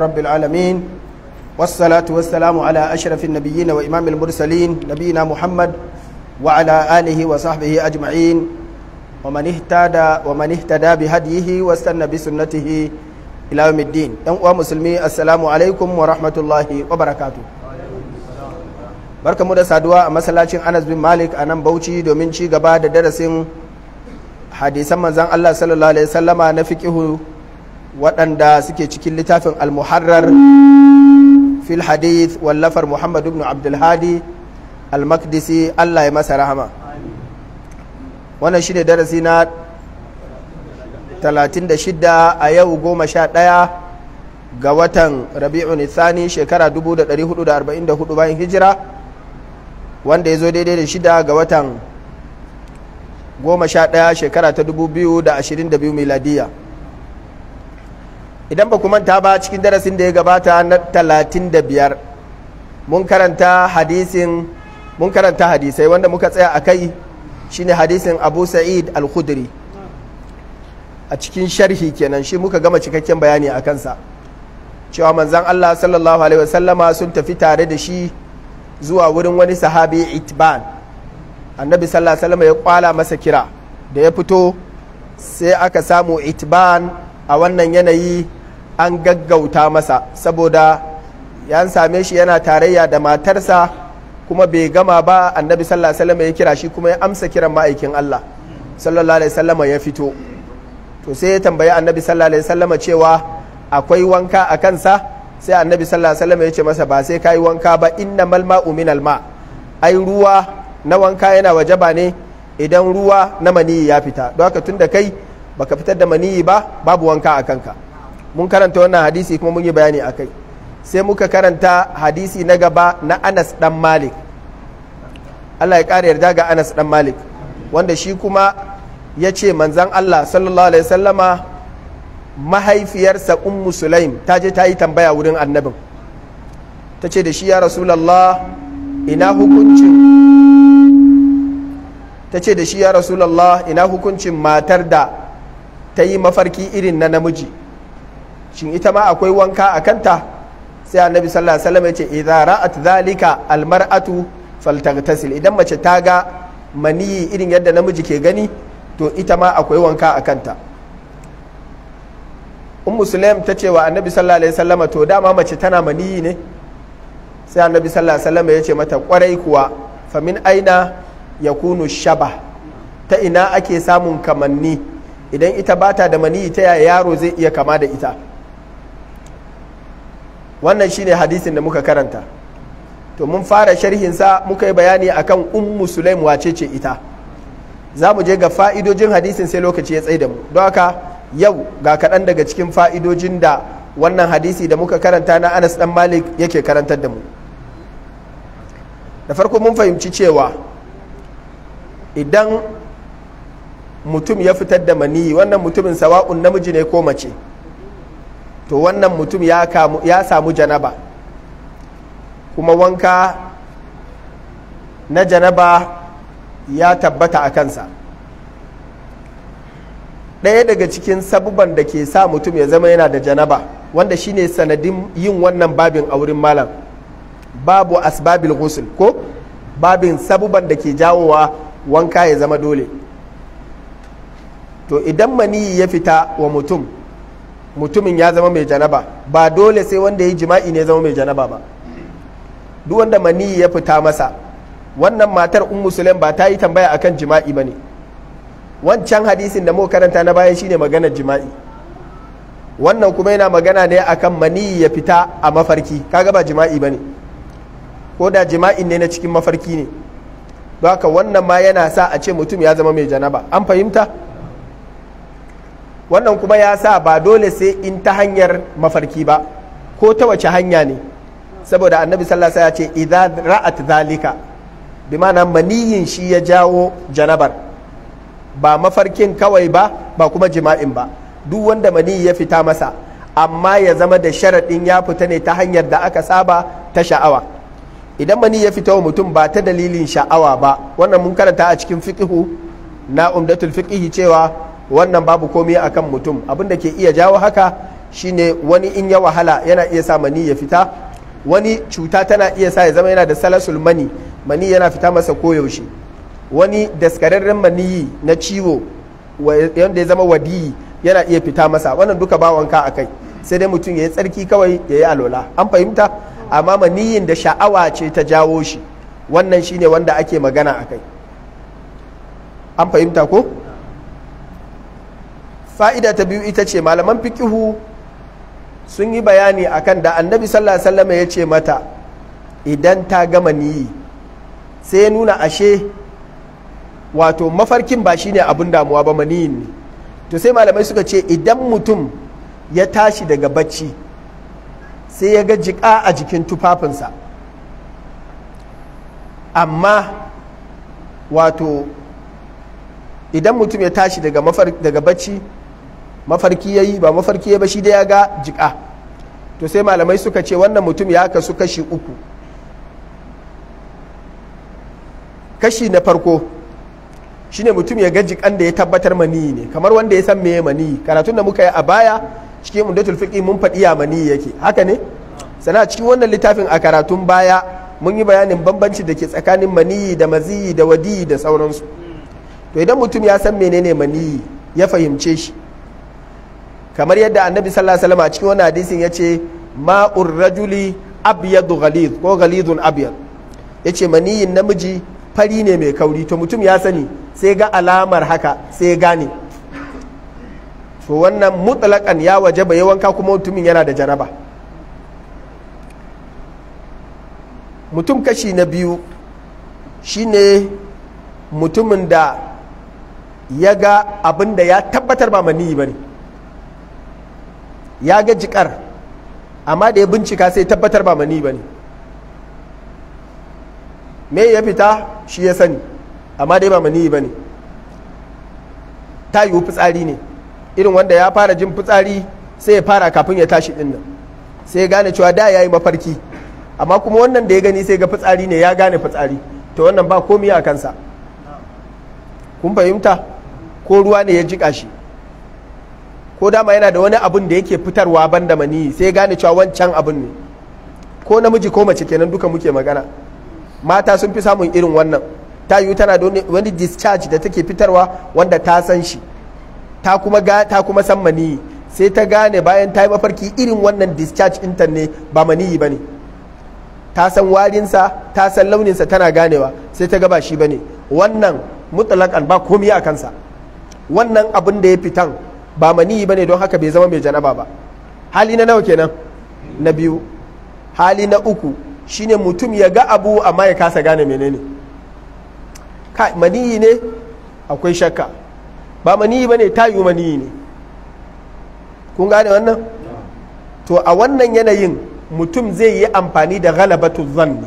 رب العالمين والصلاة والسلام على أشرف النبيين وإمام المرسلين نبينا محمد وعلى آله وصحبه أجمعين ومن اهتدى ومن اهتدى بهديه واستنى بسنته إلى يوم الدين أن مسلمي السلام عليكم ورحمة الله وبركاته barkamu da saduwa a masallacin Anas bin Malik a nan Bauchi domin ci gaba da darasin hadisan manzon Allah sallallahu alaihi wasallama na fiqihu waɗanda suke cikin littafin al-muharrar fil hadith wallafar muhammad ibn abdulhadi al-makdisi allah ya masa rahama wannan shine darasi na 36 a yau 11 ga watan rabi'un thani shekara 1444 bayan hijira wanda ya zo daidai da shida ga watan 11 shekara ta 2022 miladiyya idan ba manta ba cikin darasin da ya gabata na talatin da biyar mun karanta hadisin mun karanta hadisai wanda muka tsaya a kai shi ne hadisin abu sa'id al-khudri a cikin sharhi kenan shi muka gama cikakken bayani a kansa cewa manzan allah sallallahu alaihi wasallama sun tafi tare da shi zuwa wurin wani sahabi itban annabi sallallahu alaihi ya kwala masa kira da ya fito sai aka samu itban a wannan yanayi an gaggauta masa saboda ya same shi yana tarayya da matarsa kuma bai gama ba annabi sallallahu alaihi wasallam ya kira shi kuma ya amsa kiran ma'aikin Allah sallallahu alaihi wasallam ya fito to sai ya tambayi annabi sallallahu alaihi wasallam cewa akwai wanka a kansa sai annabi sallallahu alaihi wasallam ya ce masa ba sai kai wanka ba innamal ma'u minal ma ai ruwa na wanka yana wajaba ne idan ruwa na maniyi ya fita don haka tunda kai baka fitar da maniyi ba babu wanka a kanka mun karanta wannan hadisi kuma mun yi bayani a kai sai muka karanta hadisi na gaba na anas dan malik allah ya ƙara yarda ga anas dan malik wanda shi kuma ya ce manzan allah sallallahu alaihi sallama mahaifiyarsa ummu sulaim ta je ta yi tambaya wurin annabin ta ce da shi ya rasulallah ina hukuncin ta ce da shi ya rasulallah ina hukuncin matar da ta yi mafarki irin na namiji shin ita ma akwai wanka a kanta sai annabi sallallahu alaihi wasallam ya ce idza ra'at dhalika almar'atu faltaghtasil idan mace ta ga maniyi irin yadda namiji ke gani to ita ma akwai wanka a kanta um muslim ta ce wa annabi sallallahu alaihi wasallam to dama mace tana maniyi ne sai annabi sallallahu alaihi wasallam ya mata kwarai kuwa fa min aina yakunu shaba ta ina ake samun kamanni idan ita bata da maniyi ta yaya yaro zai iya kama da ita wannan shine hadisin da muka karanta to mun fara sharhinsa muka yi bayani akan ummu sulaim wace ce ita za mu je ga fa'idojin hadisin sai lokaci ya tsaye da mu don haka yau ga kaɗan daga cikin fa'idojin da wannan hadisi da muka karanta na anas dan malik yake karantar da mu da farko mun fahimci cewa idan mutum ya fitar da maniyi wannan mutumin sawa'un namiji ne ko mace to wannan mutum ya samu janaba kuma wanka na janaba ya tabbata a kansa ɗaya daga cikin sabuban da ke sa mutum ya zama yana da janaba wanda shine sanadin yin wannan babin a wurin malam babu asbabil ghusl ko babin sabuban da ke jawowa wanka ya zama dole to idan mani ya fita wa mutum mutumin ya zama mai janaba ba dole sai wanda ya jima'i ne zama mai janaba ba duk wanda maniyi ya fita masa wannan matar un musulun ba ta yi tambaya akan jima'i ba ne wancan hadisin da muka karanta na baya shine magana jima'i wannan kuma yana magana ne akan maniyi ya fita a mafarki kaga ba jima'i ba ne ko da jima'in ne na cikin mafarki ne don haka wannan ma yana sa a ce mutum ya zama mai janaba an fahimta wannan kuma ya sa ba dole sai in ta hanyar mafarki ba ko ta wace hanya ne saboda annabi sallallahu ya ce idan ra'at zalika bi ma'ana maniyin shi ya jawo janabar ba mafarkin kawai ba ba kuma jima'in ba duk wanda maniyi ya fita masa amma ya zama da sharaɗin ya fita ne ta hanyar da aka saba ta sha'awa idan mani ya fita wa mutum ba ta dalilin sha'awa ba wannan mun karanta a cikin fiqhu na umdatul fiqhi cewa wannan babu komai akan mutum abin da ke iya jawo haka shine wani in ya wahala yana iya sa mani ya fita wani cuta tana iya sa ya zama yana da salasul mani mani yana fita masa koyaushe wani daskararren maniyi na ciwo yadda ya zama wadiyi yana iya fita masa wannan duka ba wanka a kai sai dai mutum ya yi tsarki kawai ya yi alola an fahimta amma maniyin da sha'awa ce ta jawo shi wannan shine wanda ake magana a kai an fahimta ko fa'ida ta biyu ita ce malaman fiƙihu sun yi bayani akan da annabi sallallahu alaihi ya ce mata idan ta gama niyi sai ya nuna ashe wato mafarkin ba shine abin damuwa ba maniyin ne to sai malamai suka ce idan mutum ya tashi daga bacci sai ya ga a jikin tufafinsa amma wato idan mutum ya tashi daga bacci mafarki ya yi ba mafarki ya ba shi da ya ga jika to sai malamai suka ce wannan mutum ya kasu kashi uku kashi na farko shi ne mutum ya ga jikan da ya tabbatar maniyi ne kamar wanda ya san meye maniyi karatun da muka yi a baya cikin umdatul fiqi mun faɗi ya maniyi yake haka ne sana cikin wannan littafin a karatun baya mun yi bayanin bambanci da ke tsakanin maniyi da maziyi da wadiyi da sauransu to idan mutum ya san menene maniyi ya fahimce shi kamar yadda annabi sallallahu alaihi wasallam a cikin wannan hadisin yace ma urrajuli abyadu ghalid ko ghalidun abyad yace maniyin namiji fari ne mai kauri to mutum ya sani sai ga alamar haka sai gane to wannan mutlakan ya waje ba ya wanka kuma mutumin yana da jaraba mutum kashi na biyu shine mutumin da ya ga abin da ya tabbatar ba maniyi ba ne ya ga jikar amma da ya bincika sai tabbatar ba mani ba ne me ya fita shi ya sani amma dai ba mani ba ne ta yiwu fitsari ne irin wanda ya fara jin fitsari sai ya fara kafin ya tashi din nan sai ya gane cewa da ya yi mafarki amma kuma wannan da ya gani sai ga fitsari ne ya gane fitsari to wannan ba komi a kansa kun fahimta ko ruwa ne ya jika shi ko dama yana da wani abun da yake fitarwa ban da maniyi sai gane cewa wancan abun ne ko namiji ko mace kenan duka muke magana mata sun fi samun irin wannan ta yiwu tana da wani discharge da take fitarwa wanda ta san shi ta kuma ga ta kuma san maniyi sai ta gane bayan ta yi mafarki irin wannan discharge ɗinta ne ba maniyi ba ne ta san warinsa ta san launinsa tana ganewa sai ta ga ba shi ba wannan mutlaqan ba komai a kansa wannan abin da ya fitan ba maniyi bane don haka bai zama mai janaba ba hali na nawa kenan na biyu hali na uku shine mutum ya ga abu amma ya kasa gane menene ka maniyi ne akwai shakka ba maniyi bane tayu maniyi ne kun gane wannan to a wannan yanayin mutum zai yi amfani da galabatu zanni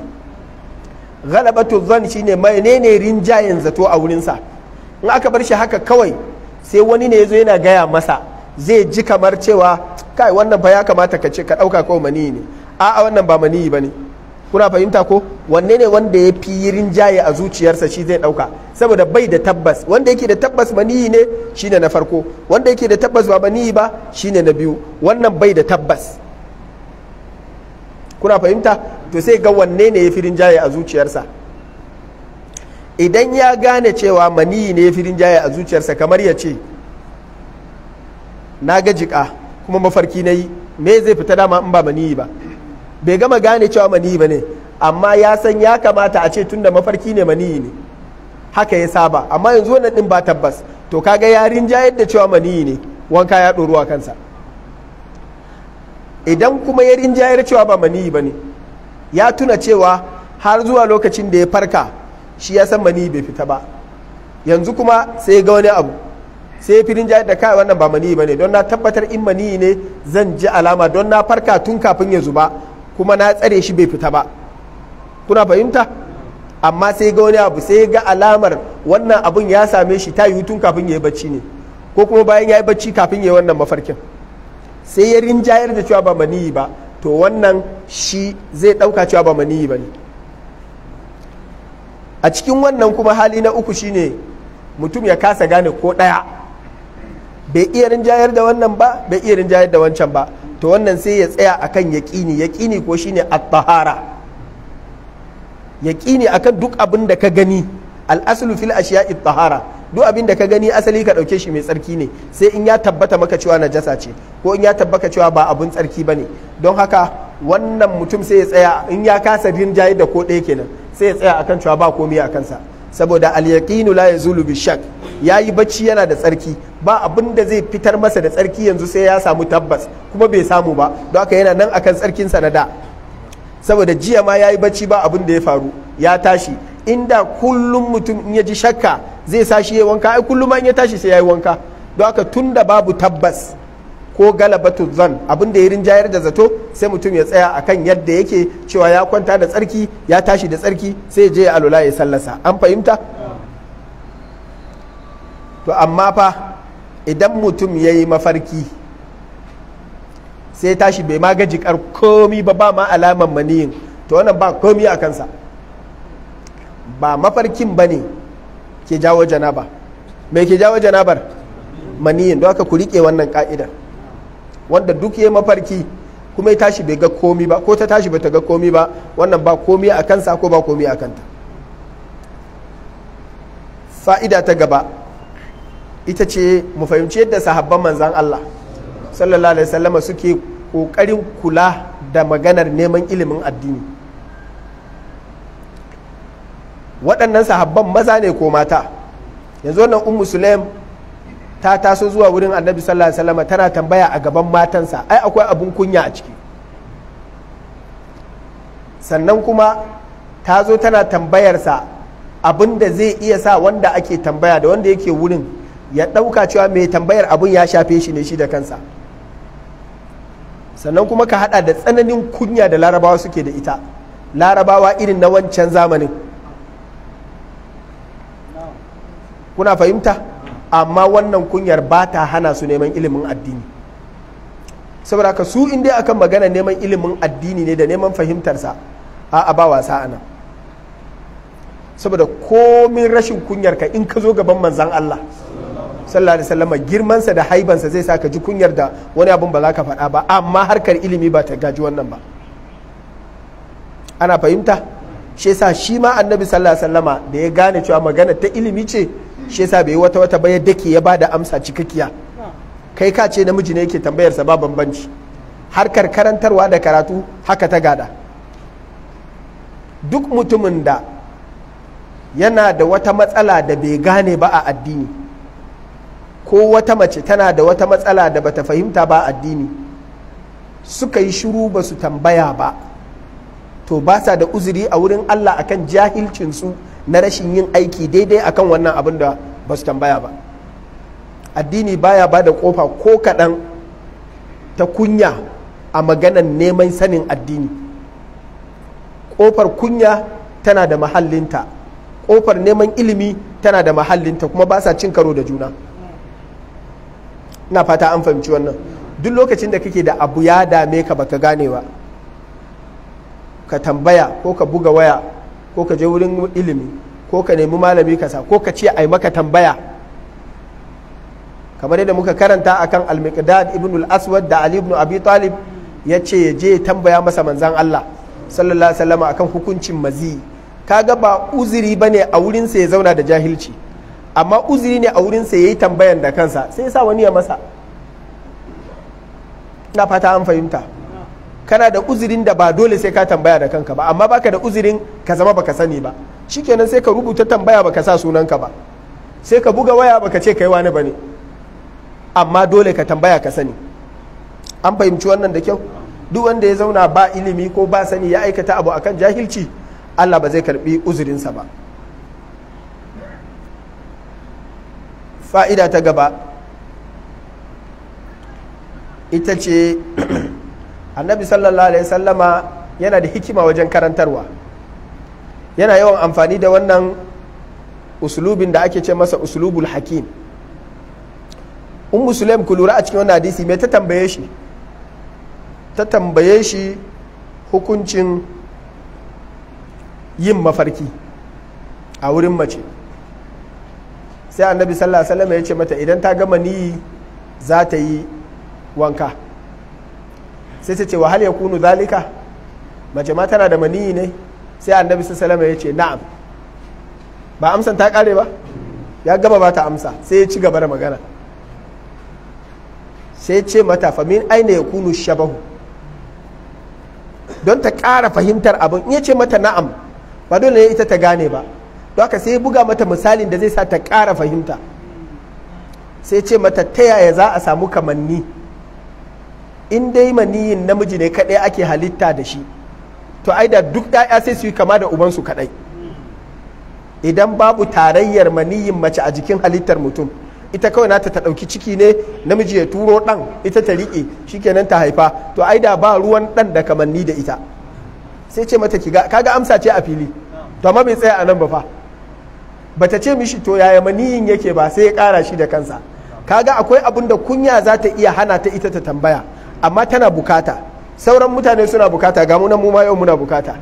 galabatu zanni shine menene rinjayen zato a wurinsa in aka bar shi haka kawai sai wani ne ya zo yana gaya masa zai ji kamar cewa kai wannan ba ya kamata ka ce ka ɗauka ko mani ne a'a wannan ba mani ba ne kuna fahimta ko wanne ne wanda ya fi jaye a zuciyarsa shi zai ɗauka saboda bai da tabbas wanda yake da tabbas mani ne shine na farko wanda yake da tabbas ba mani ba shine na biyu wannan bai da tabbas kuna fahimta to sai ga wanne ne ya fi rinjaye a zuciyarsa idan ya gane cewa maniyi ne firin jaya a zuciyarsa kamar ya ce na ga jika kuma mafarki na yi me zai fita dama in ba maniyi ba bai gama gane cewa maniyi ba ne amma ya san ya kamata a ce tunda mafarki ne maniyi ne haka ya saba amma yanzu wannan din ba tabbas to kaga ya rinjayar da cewa maniyi ne wanka ya ɗoruwa kansa idan kuma ya rinjayar cewa ba maniyi ba ne ya tuna cewa har zuwa lokacin da ya farka shi ya san mani bai fita ba yanzu kuma sai ga wani abu sai filin jayar da kai wannan ba mani ba ne don na tabbatar in mani ne zan ji alama don na farka tun kafin ya zuba kuma na tsare shi bai fita ba kuna fahimta amma sai ga wani abu sai ga alamar wannan abun ya same shi ta yiwu tun kafin ya yi bacci ne ko kuma bayan ya yi bacci kafin ya yi wannan mafarkin sai ya rinjayar da cewa ba maniyi ba to wannan shi zai ɗauka cewa ba maniyi ba ne a cikin wannan kuma hali na uku shine mutum ya kasa gane ko ɗaya bai iya rinjayar da wannan ba bai iya rinjayar da wancan ba to wannan sai ya tsaya a kan yaƙini yaƙini ko shine at-tahara yaƙini a kan duk abin da ka gani al fil fil ashiya'i tahara duk abin da ka gani asali ka ɗauke shi mai tsarki ne sai in ya tabbata maka cewa najasa ce ko in ya tabbata cewa ba abin tsarki ne don haka wannan mutum sai ya tsaya in ya kasa rinjayar da ko ɗaya kenan sai ya tsaya akan cewa ba komai a kansa saboda alyaqinu la yazulu bi shak yayi bacci yana da tsarki ba abin da zai fitar masa da tsarki yanzu sai ya samu tabbas kuma bai samu ba don haka yana nan akan tsarkin sa na da saboda jiya ma yayi bacci ba abin da ya faru ya tashi inda kullum mutum in ya ji shakka zai sashi ya wanka ai kullum ma in ya tashi sai yayi wanka don haka tunda babu tabbas ko galabatu zan abin da ya rinjayar da zato sai mutum ya tsaya akan yadda yake cewa ya kwanta da tsarki ya tashi da tsarki sai je alula ya sallasa an fahimta to amma fa idan mutum ya yi mafarki sai tashi bai ma kar komi ba ba ma alaman maniyin to wannan ba komi a kansa ba mafarkin ba ne ke jawo janaba mai ke jawo janabar maniyin don haka ku riƙe wannan ka'idar wanda duk ya mafarki kuma ya tashi bai ga komi ba ko ta tashi bata ga komi ba wannan ba komi a kansa ko ba komi a kanta fa'ida ta gaba ita ce mu fahimci yadda sahabban manzan Allah sallallahu alaihi wasallama suke kokarin kula da maganar neman ilimin addini waɗannan sahabban maza ne ko mata yanzu wannan ummu sulaim ta taso zuwa wurin annabi sallallahu alaihi wasallam tana tambaya a gaban matansa ai akwai abun kunya a ciki sannan kuma ta zo tana tambayarsa abin da zai iya sa wanda ake tambaya da wanda yake wurin ya ɗauka cewa mai tambayar abun ya shafe shi ne shi da kansa sannan kuma ka hada da tsananin kunya da larabawa suke da ita larabawa irin na wancan zamanin kuna fahimta? amma wannan kunyar ba ta hana su neman ilimin addini saboda ka su in dai akan magana neman ilimin addini ne da neman fahimtarsa a ba wasa anan saboda komin rashin kunyar ka in ka zo gaban manzan Allah sallallahu alaihi wasallam girmansa da haibansa zai sa ka ji kunyar da wani abun ba za ka faɗa ba amma harkar ilimi ba ta gaji wannan ba ana fahimta shi yasa shi ma annabi sallallahu alaihi wasallama da ya gane cewa magana ta ilimi ce shi yasa bai wata wata ba dake ya bada amsa cikakkiya kai ka ce namiji ne yake sa ba bambanci harkar karantarwa da karatu haka ta gada duk mutumin da yana da wata matsala da bai gane ba a addini ko wata mace tana da wata matsala da bata fahimta ba a addini suka yi shiru ba su tambaya ba to ba sa da uzuri a wurin allah akan jahilcinsu na rashin yin aiki daidai akan wannan abin da ba su tambaya ba addini baya ba da kofa ko kaɗan ta kunya a maganan neman sanin addini ƙofar kunya tana da mahallinta ƙofar neman ilimi tana da mahallinta kuma ba sa cin karo da juna ina fata an fahimci wannan duk lokacin da kake da abu ya dame ka baka gane ba ka tambaya ko ka buga waya ko ka je wurin ilimi ko ka nemi malami kasa ko ka ce ai maka tambaya kamar yadda muka karanta akan al-miqdad ibn al-aswad da ali ibn abi talib ya ce ya je tambaya masa manzan Allah sallallahu alaihi wasallam akan hukuncin mazi kaga ba uzuri bane a wurin sa ya zauna da jahilci amma uzuri ne a wurin sa yayi tambayan da kansa sai ya sa wani ya masa na fata an fahimta kana da uzurin da ba dole sai ka tambaya da kanka ba amma baka da uzurin ka zama baka sani ba shikenan sai ka rubuta tambaya baka sa sunanka ba sai ka buga waya baka ce kai wani bane amma dole ka tambaya ka sani an fahimci wannan da kyau duk wanda ya zauna ba ilimi ko ba sani ya aikata abu akan jahilci Allah ba zai karbi uzurinsa ba fa'ida ta gaba ita ce annabi sallallahu alaihi sallama yana da hikima wajen karantarwa yana yawan amfani da wannan usulubin da ake ce masa usulubul hakim un musulun ku lura a cikin wannan hadisi mai ta tambaye shi ta tambaye shi hukuncin yin mafarki a wurin mace sai annabi sallallahu alaihi wasallam ya ce mata idan ta gama ni za ta yi wanka sai ta ce wa ya kunu zalika mace ma tana da maniyi ne sai annabi salama ya ce na'am ba amsan ta kare ba ya gaba ba ta amsa sai ya ci gaba da magana sai ce mata famin aina ya kunu shabahu don ta kara fahimtar abin in ya ce mata na'am ba dole ne ita ta gane ba don haka sai buga mata misalin da zai sa ta kara fahimta sai ce mata ta yaya za a samu kamanni in dai maniyin namiji ne kaɗai ake halitta da shi to ai da duk ɗaya sai su yi kama da ubansu kaɗai idan babu tarayyar maniyin mace a jikin halittar mutum ita kawai nata ta ɗauki ciki ne namiji ya turo ɗan ita ta riƙe shikenan ta haifa to ai da ba ruwan ɗan da kamanni da ita sai ce mata kiga kaga amsa ce a fili to amma bai tsaya a nan ba fa bata ce mishi to yaya maniyin yake ba sai ya kara shi da kansa kaga akwai abun da kunya za ta iya hana ta ita ta tambaya amma tana bukata sauran mutane suna bukata ga muna mu ma yau muna bukata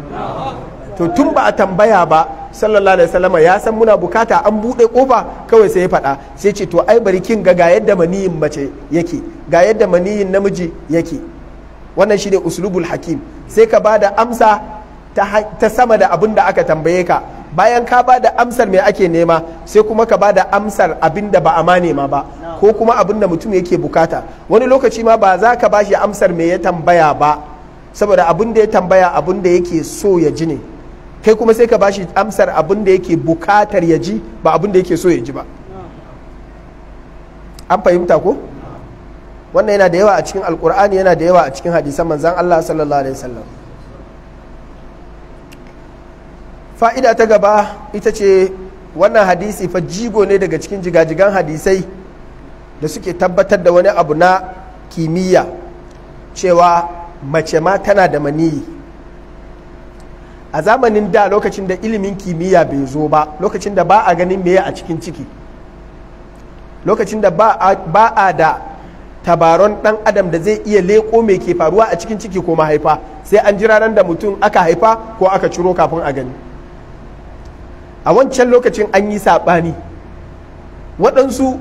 to tun ba a tambaya ba sallallahu alaihi wasallama ya san muna bukata an buɗe kofa kawai sai ya faɗa sai ce to ai bari kin ga ga yadda maniyin mace yake ga yadda maniyin namiji yake wannan shine uslubul hakim sai ka bada amsa ta, ta sama da abin da aka tambaye ka bayan ka ba da amsar mai ake nema sai kuma ka ba da amsar abin da ba a ma nema ba ko kuma abin da mutum yake bukata wani lokaci ma ba za ka ba shi amsar mai ya tambaya ba saboda abin da ya tambaya abin da yake so ya ji ne kai kuma sai ka ba shi amsar abin da yake bukatar ya ji ba abin da yake so ya ji ba an fahimta ko wannan yana da yawa a cikin alkur'ani yana da yawa a cikin hadisan manzan allah sallallahu alaihi wasallam fa'ida ta gaba ita ce wannan hadisi fa jigo ne daga cikin jigajigan hadisai da suke tabbatar da wani abu na kimiyya cewa mace ma tana da maniyi a zamanin da lokacin da ilimin kimiyya bai zo ba lokacin da ba a ganin meye a cikin ciki lokacin da ba a da tabaron dan adam da zai iya leko mai ke faruwa a cikin ciki ko mahaifa sai an jira ran da mutum aka haifa ko aka ciro kafin a gani a wancan lokacin an yi saɓani waɗansu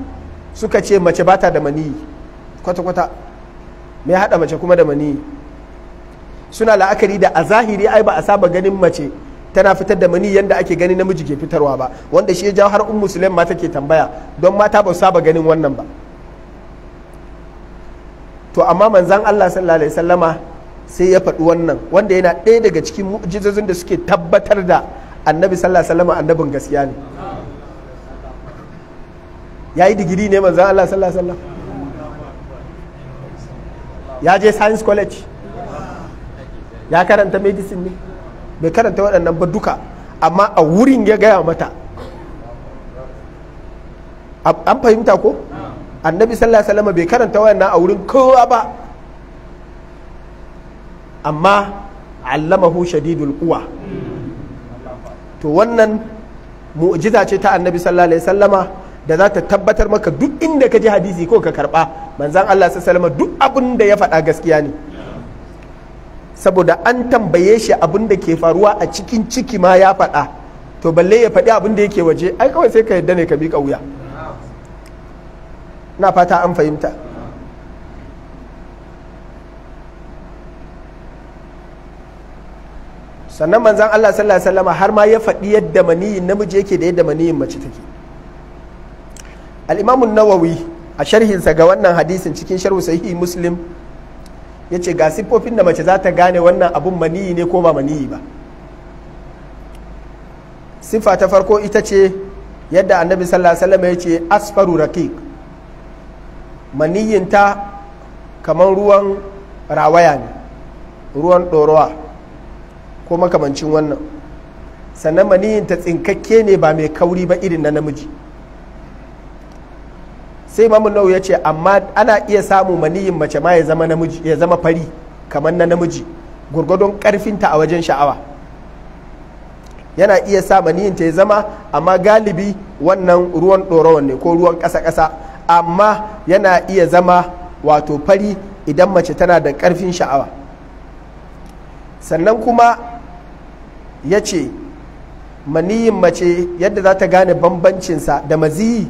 suka ce mace bata da maniyi kwata-kwata mai haɗa mace kuma da maniyi suna la'akari da a zahiri ai ba a saba ganin mace tana fitar da mani yadda ake gani namiji ke fitarwa ba wanda shi ya jawo har ummu sulaim ma take tambaya don mata ba saba ganin wannan ba to amma manzan Allah sallallahu alaihi wasallama sai ya faɗi wannan wanda yana ɗaya daga cikin mu'jizazin da suke tabbatar da annabi sallallahu alaihi wasallam annabin gaskiya ne ya yi digiri ne manzo Allah sallallahu alaihi wasallam ya je science college ya karanta medicine ne bai karanta waɗannan ba duka amma a wurin ya gaya mata an fahimta ko annabi sallallahu alaihi wasallam bai karanta waɗannan a wurin kowa ba amma allamahu shadidul quwa to wannan mu'jiza ce ta annabi sallallahu alaihi wasallama da za ta tabbatar maka duk inda ka ji hadisi ko ka karba manzan Allah sallallahu alaihi duk abin da ya faɗa gaskiya ne saboda an tambaye shi abinda ke faruwa a cikin ciki ma ya faɗa to balle ya faɗi abinda da yake waje ai kawai sai ka yadda ne ka bi wuya na fata an fahimta sannan manzan Allah sallallahu alaihi wasallama har ma ya faɗi yadda maniyin namiji yake da yadda maniyin mace take al nawawi a sharhinsa ga wannan hadisin cikin sharhu sahihi muslim ya ce ga siffofin da mace za ta gane wannan abun maniyi ne ko ba maniyi ba sifa ta farko ita ce yadda annabi sallallahu alaihi ya ce asfaru raqiq maniyinta kamar ruwan rawaya ne ruwan ɗorawa ko makamancin wannan sannan maniyin ta tsinkakke ne ba mai kauri ba irin na namiji sai imamu nau ya ce amma ana iya samun maniyin mace ma ya zama namiji ya zama fari kamar na namiji gurgudun karfinta a wajen sha'awa yana iya sa maniyin ta ya zama amma galibi wannan ruwan ɗorawan ne ko ruwan ƙasa-ƙasa amma yana iya zama wato fari idan mace tana da ƙarfin sha'awa sannan kuma ya ce maniyin mace yadda za ta gane bambancinsa da maziyi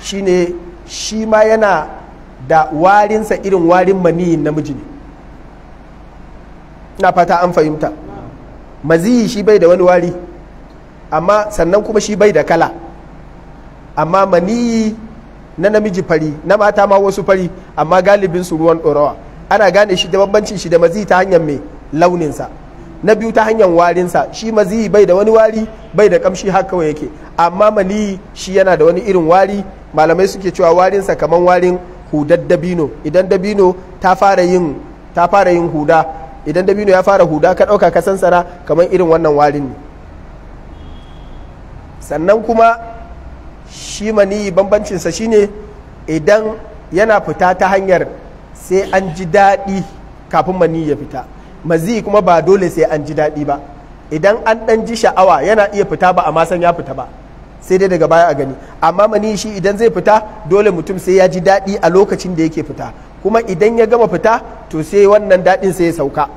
shine shi ma yana da warinsa irin warin maniyin namiji ne na fata an fahimta maziyi shi bai da wani wari amma sannan kuma shi bai da kala amma maniyi na namiji fari na mata ma wasu fari amma galibinsu ruwan ɗorawa ana gane shi da bambancin shi da maziyi ta hanyar mai launinsa na biyu ta hanyar warinsa shi maziyi bai da wani wari bai da kamshi haka kawai yake amma maniyi shi yana da wani irin wari malamai suke cewa warinsa kamar warin hudar dabino idan dabino ta fara yin ta fara yin huda idan dabino ya fara huda ka ɗauka ka sansara kamar irin wannan warin ne sannan kuma shi maniyi bambancinsa shine idan yana fita ta hanyar sai an ji daɗi kafin maniyi ya fita mazi kuma ba dole sai an ji daɗi ba idan an ɗan ji sha'awa yana iya fita ba amma san ya fita ba sai dai daga baya a gani amma mani shi idan zai fita dole mutum sai ya ji daɗi a lokacin da yake fita kuma idan ya gama fita to sai wannan daɗin sai ya sauka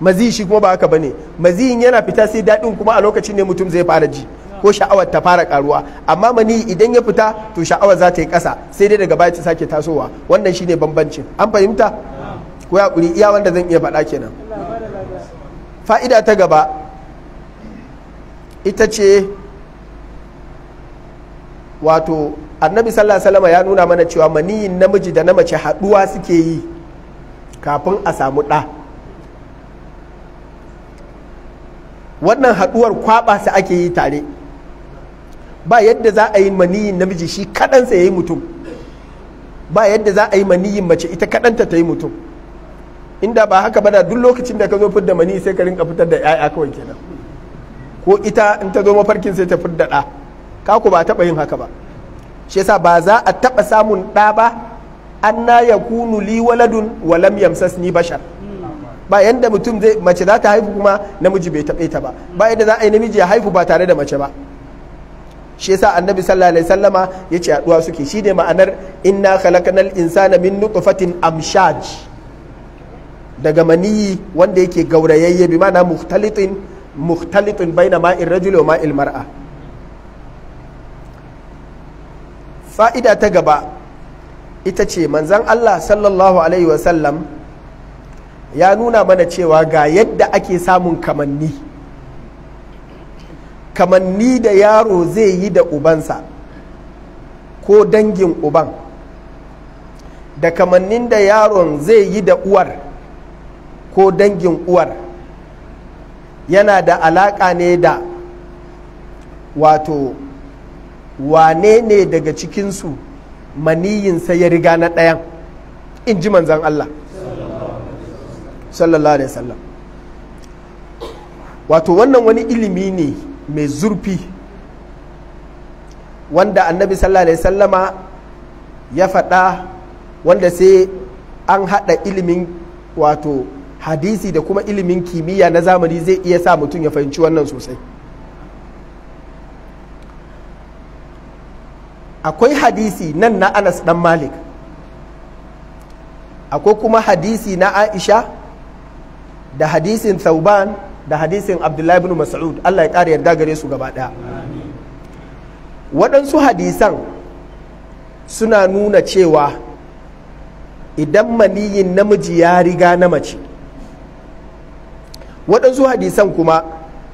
mazi shi kuma ba haka ba ne maziyin yana fita sai daɗin kuma a lokacin ne mutum zai fara ji ko sha'awar ta fara karuwa amma mani idan ya fita to sha'awar za ta yi ƙasa sai dai daga baya ta sake tasowa wannan shine bambancin an fahimta ko ya kuri iya wanda zan iya faɗa kenan fa'ida ta gaba ita ce wato annabi sallallahu alaihi wasallam ya nuna mana cewa maniyin namiji da na mace haɗuwa suke yi kafin a samu ɗa wannan haɗuwar kwaɓa su ake yi tare ba yadda za a yi maniyin namiji shi kaɗansa ya yi mutum ba yadda za a yi maniyin mace ita kaɗanta ta yi mutum inda ba haka ba da duk lokacin da ka zo fidda mani sai ka rinka fitar da 'ya'ya kawai kenan ko ita in ta zo mafarkin sai ta fidda ɗa kaku ba taɓa yin haka ba shi yasa ba za a taɓa samun ɗa ba an na ya kunu li waladun walam yamsas ni bashar ba yanda mutum zai mace za ta haifu kuma namiji bai taɓe ta ba ba yadda za a yi namiji ya haifu ba tare da mace ba shi yasa annabi sallallahu alaihi sallama ya ce haɗuwa suke shi ne ma'anar inna khalaqnal insana min nutfatin amshaj daga maniyi wanda yake gaurayayye bi mana muhtalitin muhtalitin baina ma'in rajul wa ma'il mar'a fa'ida ta gaba ita ce manzan Allah sallallahu alaihi sallam ya nuna mana cewa ga yadda ake samun kamanni kamanni da yaro zai yi da ubansa ko dangin uban da kamannin da yaron zai yi da uwar ko dangin uwar yana da alaƙa ne da wato wane ne daga cikinsu maniyinsa ya riga na ɗayan in ji manzan Allah sallallahu alaihi wasallam wato wannan wani ilimi ne mai zurfi wanda annabi sallallahu alaihi sallama ya faɗa wanda sai an haɗa ilimin wato hadisi da kuma ilimin kimiyya na zamani zai iya sa mutum ya fahimci wannan sosai akwai hadisi nan na anas dan malik akwai kuma hadisi na aisha da hadisin thauban da hadisin abdullahi bin mas'ud allah ya ƙara yarda gare su gaba ɗaya waɗansu hadisan suna nuna cewa idan maniyin namiji ya riga na mace waɗansu hadisan kuma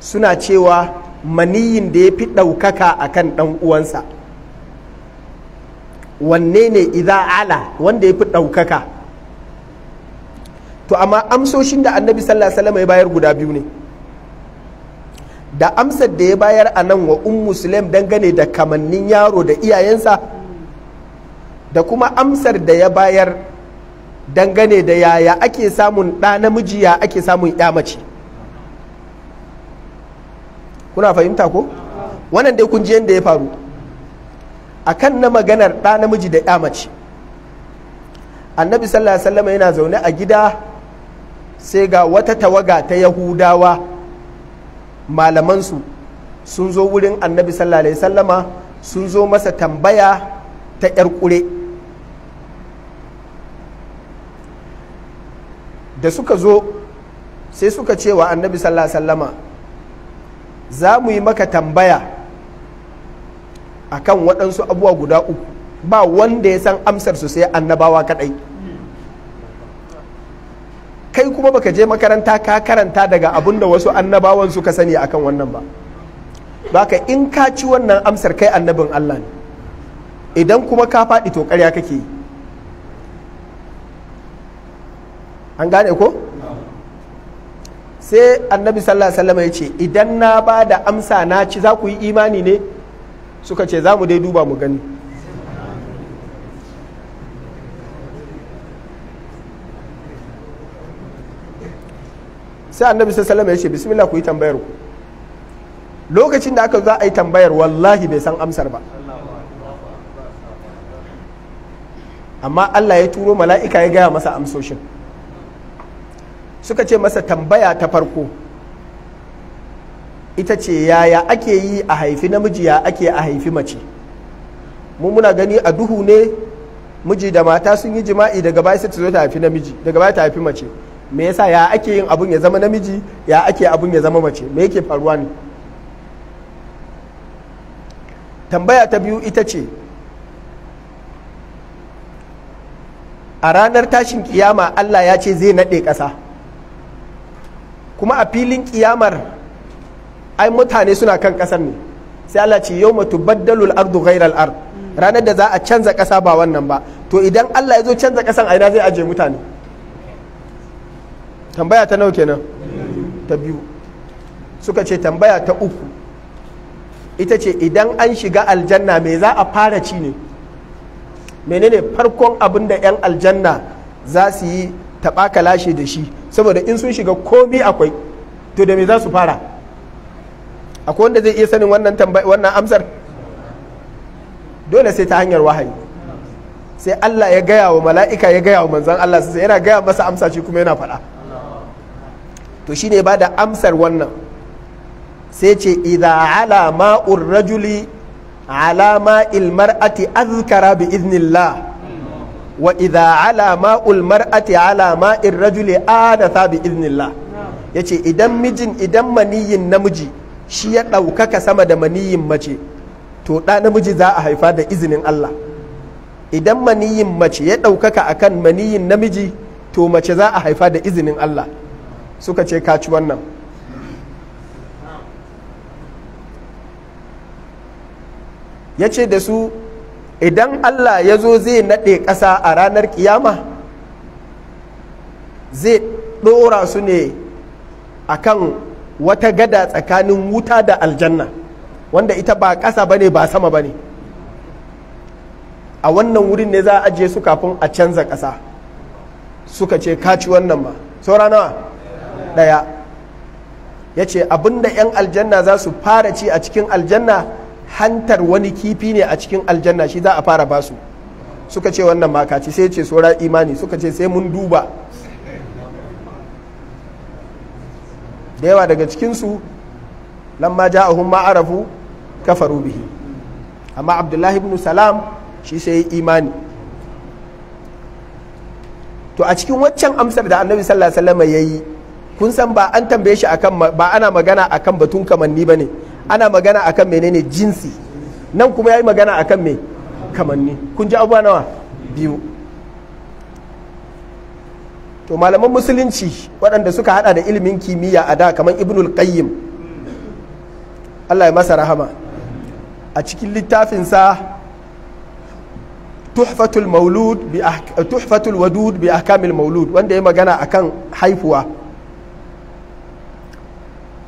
suna cewa maniyin da ya fi ɗaukaka a kan ɗan uwansa wanne ne idan ala wanda ya fi ɗaukaka to amma amsoshin da annabi sallallahu alaihi ya bayar guda biyu ne da amsar da ya bayar a nan wa un dangane da kamannin yaro da iyayensa da kuma amsar da ya bayar dangane da yaya ake samun ɗa namiji ya ake samun ya mace kuna fahimta ko wannan dai kun ji yadda ya faru A kan na maganar ɗa namiji da ya mace annabi sallallahu alaihi wasallam yana zaune a gida sai ga wata tawaga ta yahudawa malamansu sun zo wurin annabi sallallahu alaihi wasallama sun zo masa tambaya ta ƴar ƙure. da suka zo sai suka ce wa annabi sallallahu alaihi wasallama za mu yi maka tambaya akan waɗansu abuwa guda uku ba wanda ya san amsar su sai annabawa kaɗai kai kuma baka je makaranta ka karanta daga abin da wasu annabawan suka sani akan wannan ba baka in ka ci wannan amsar kai annabin Allah ne idan kuma ka faɗi to ƙarya kake an gane ko sai annabi sallallahu alaihi wasallam ya ce idan na ba da amsa na ci za ku yi imani ne suka ce za mu dai duba mu gani sai annabi sallallahu ya ce bismillah ku yi tambayar ku lokacin da aka za a yi tambayar wallahi bai san amsar ba amma Allah ya turo mala'ika ya gaya masa amsoshin suka ce masa tambaya ta farko ita ce yaya ake yi a haifi namiji ya ake a haifi mace mu muna gani a duhu ne miji da mata sun yi jima'i daga baya sai ta zo ta haifi namiji daga baya ta haifi mace me yasa ya ake yin abun ya zama namiji ya ake abun ya zama mace me yake faruwa ne tambaya ta biyu ita ce a ranar tashin kiyama Allah ya ce zai naɗe ƙasa kuma a filin kiyamar ai mutane suna kan kasar ne sai Allah ce yau matu baddalul ardu ghairal ard ranar da za a canza kasa ba wannan ba to idan Allah ya zo canza kasan aina zai aje mutane tambaya ta nawa kenan ta biyu suka ce tambaya ta uku ita ce idan an shiga aljanna me za a fara ci ne menene farkon abin da 'yan aljanna za su yi ɓaka lashe da shi saboda in sun shiga komi akwai to da me za su fara akwai wanda zai iya sanin wannan wannan amsar dole sai ta hanyar wahayi sai Allah ya gaya wa mala'ika ya gaya wa manzan Allah sai yana gaya masa amsa shi kuma yana faɗa to shine ba da amsar wannan sai ce idza ala ma'ur rajuli alama ilmar ati azkara bi iznillah wa iza ala ma'ul mar'ati ala ma'ir rajuli adatha bi idnillah yace idan mijin idan maniyin namiji shi ya ɗaukaka sama da maniyin mace to da namiji za a haifa da izinin Allah idan maniyin mace ya ɗaukaka akan maniyin namiji to mace za a haifa da izinin Allah suka ce kaci wannan yace da su idan Allah ya zo zai naɗe ƙasa a ranar ƙiyama zai ɗora su ne a kan wata gada tsakanin wuta da aljanna wanda ita ba ƙasa ba ne ba sama ba ne a wannan wurin ne za a ajiye su kafin a canza ƙasa suka ce kaci wannan ma saura nawa ɗaya ya ce abinda 'yan aljanna za su fara ci a cikin aljanna hantar wani kifi ne a cikin aljanna shi za a fara basu suka ce wannan makaci sai ce tsora imani suka ce sai mun duba da yawa daga cikinsu lamma a ma arafu kafaru bihi amma abdullahi ibn salam shi sai imani to a cikin waccan amsar da annabi sallallahu alaihi wasallam yayi kun san ba an tambaye shi akan ba ana magana akan batun kamanni ba ne. ana magana akan menene jinsi nan kuma ya yi magana akan me kamanni kun ji abubuwa nawa biyu to malaman musulunci waɗanda suka hada da ilimin kimiyya a da kamar ibnul qayyim Allah ya masa rahama a cikin littafinsa tuhfatul maulud bi tuhfatul wadud bi ahkamil maulud wanda ya magana akan haifuwa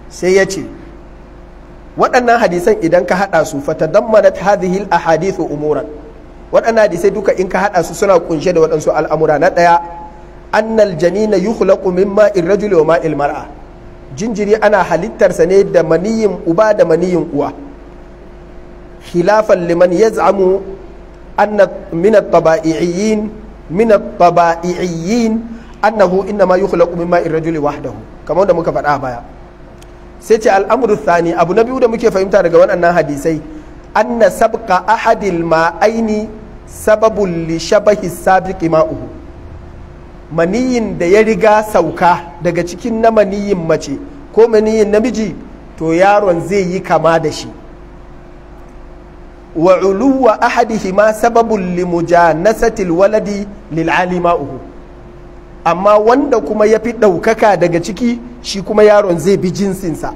sai ya ce waɗannan hadisan idan ka haɗa su fatadammanat hadhihi al-ahadithu umuran waɗannan hadisai duka in ka haɗa su suna kunshe da waɗansu al'amura na ɗaya annal janina yukhlaqu min ma'ir rajuli wa ma'il mar'a jinjiri ana halittarsa ne da maniyin uba da maniyin uwa khilafan liman yaz'amu anna min at-taba'i'iyyin min at-taba'i'iyyin annahu innama yukhlaqu min ma'ir rajuli wahdahu kamar da muka faɗa baya sai ce al'amru thani abu na biyu da muke fahimta daga waɗannan hadisai anna sabqa ahadil ma'aini sababun li shabahi sabiqi ma'uhu maniyin da ya riga sauka daga cikin na maniyin mace ko maniyin namiji to yaron zai yi kama da shi wa uluwa ahadihima sababun li mujanasatil waladi lil alima uhu amma wanda kuma ya fi ɗaukaka daga ciki shi kuma yaron zai bi jinsinsa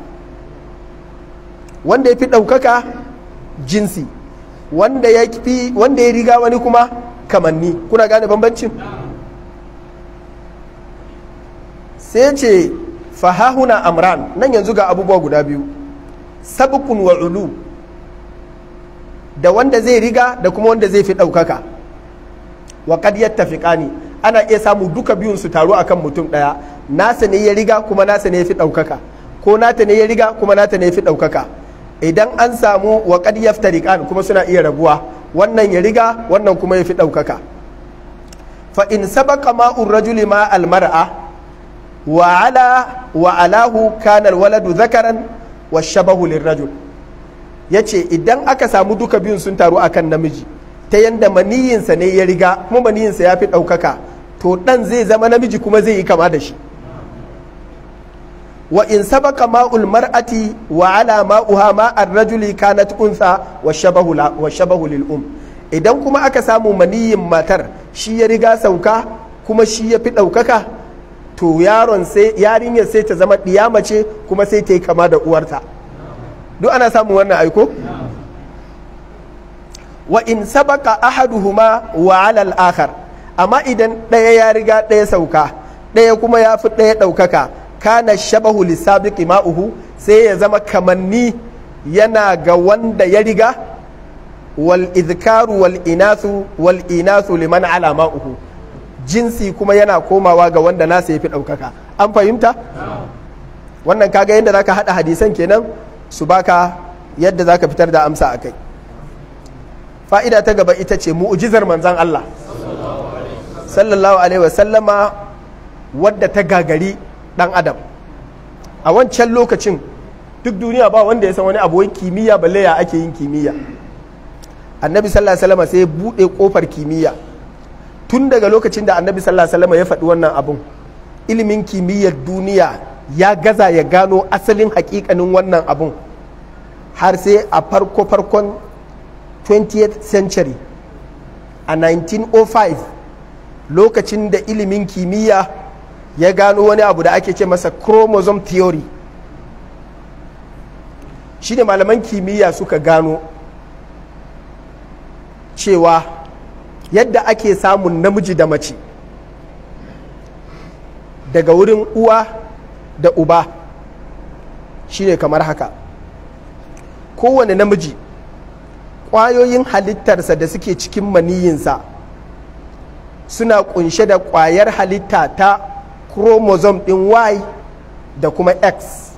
wanda ya fi ɗaukaka jinsi wanda ya riga wani kuma kamanni kuna gane bambancin sai ce fahahuna amran nan yanzu ga abubuwa guda biyu sabukun wa ulu da wanda zai riga da kuma wanda zai fi ɗaukaka wa qad yattafiqani ana iya samu duka biyun su taru akan mutum ɗaya nasa ne ya riga kuma nasa ne ya fi ɗaukaka ko nata ne ya riga kuma nata ne ya fi ɗaukaka idan an samu wa qad yaftariqan kuma suna iya rabuwa wannan ya riga wannan kuma ya fi ɗaukaka fa in sabaqa ma'ur rajuli ma al mar'a wa ala wa alahu kana al waladu zakaran wa shabahu yace idan aka samu duka biyun sun taru akan namiji ta yanda maniyinsa ne ya riga kuma maniyinsa ya fi ɗaukaka to ɗan zai zama namiji kuma zai yi kama da shi wa in sabaka ma'ul mar'ati wa ala ma'uha ma'ar rajuli kanat unsa wa shabahu wa shabahu lil um idan kuma aka samu maniyin matar shi ya riga sauka kuma shi ya fi ɗaukaka to yaron sai yarinyar sai ta zama ɗiya mace kuma sai ta yi kama da uwarta duk ana samun wannan aiko wa in sabaka ahaduhuma wa ala al-akhar amma idan ɗaya ya riga ɗaya sauka ɗaya kuma ya fi ɗaya ɗaukaka kana shabahu lissabiqi ma'uhu sai ya zama kamanni yana ga wanda ya riga wal izkaru wal inasu wal inasu liman ala ma'uhu jinsi kuma yana komawa ga wanda nasa ya fi ɗaukaka an fahimta wannan kaga yadda zaka haɗa hadisan kenan su baka yadda zaka fitar da amsa a kai fa'ida ta gaba ita ce mu'ujizar manzan Allah sallallahu alaihi wasallama wadda ta gagari dan adam a wancan lokacin duk duniya ba wanda ya san wani abu kimiyya balle ya ake yin kimiyya annabi sallallahu alaihi wasallama sai ya buɗe kofar kimiyya tun daga lokacin da annabi sallallahu alaihi wasallama ya faɗi wannan abun ilimin kimiyyar duniya ya gaza ya gano asalin hakikanin wannan abun har sai a farko-farkon 20th century a 1905 lokacin da ilimin kimiyya ya gano wani abu da ake ce masa chromosome theory shi ne malaman kimiyya suka gano cewa yadda ake samun namiji da mace daga wurin uwa da uba shi ne kamar haka kowane namiji ƙwayoyin halittarsa da suke cikin maniyinsa suna kunshe da kwayar halitta ta chromosome ɗin y da kuma x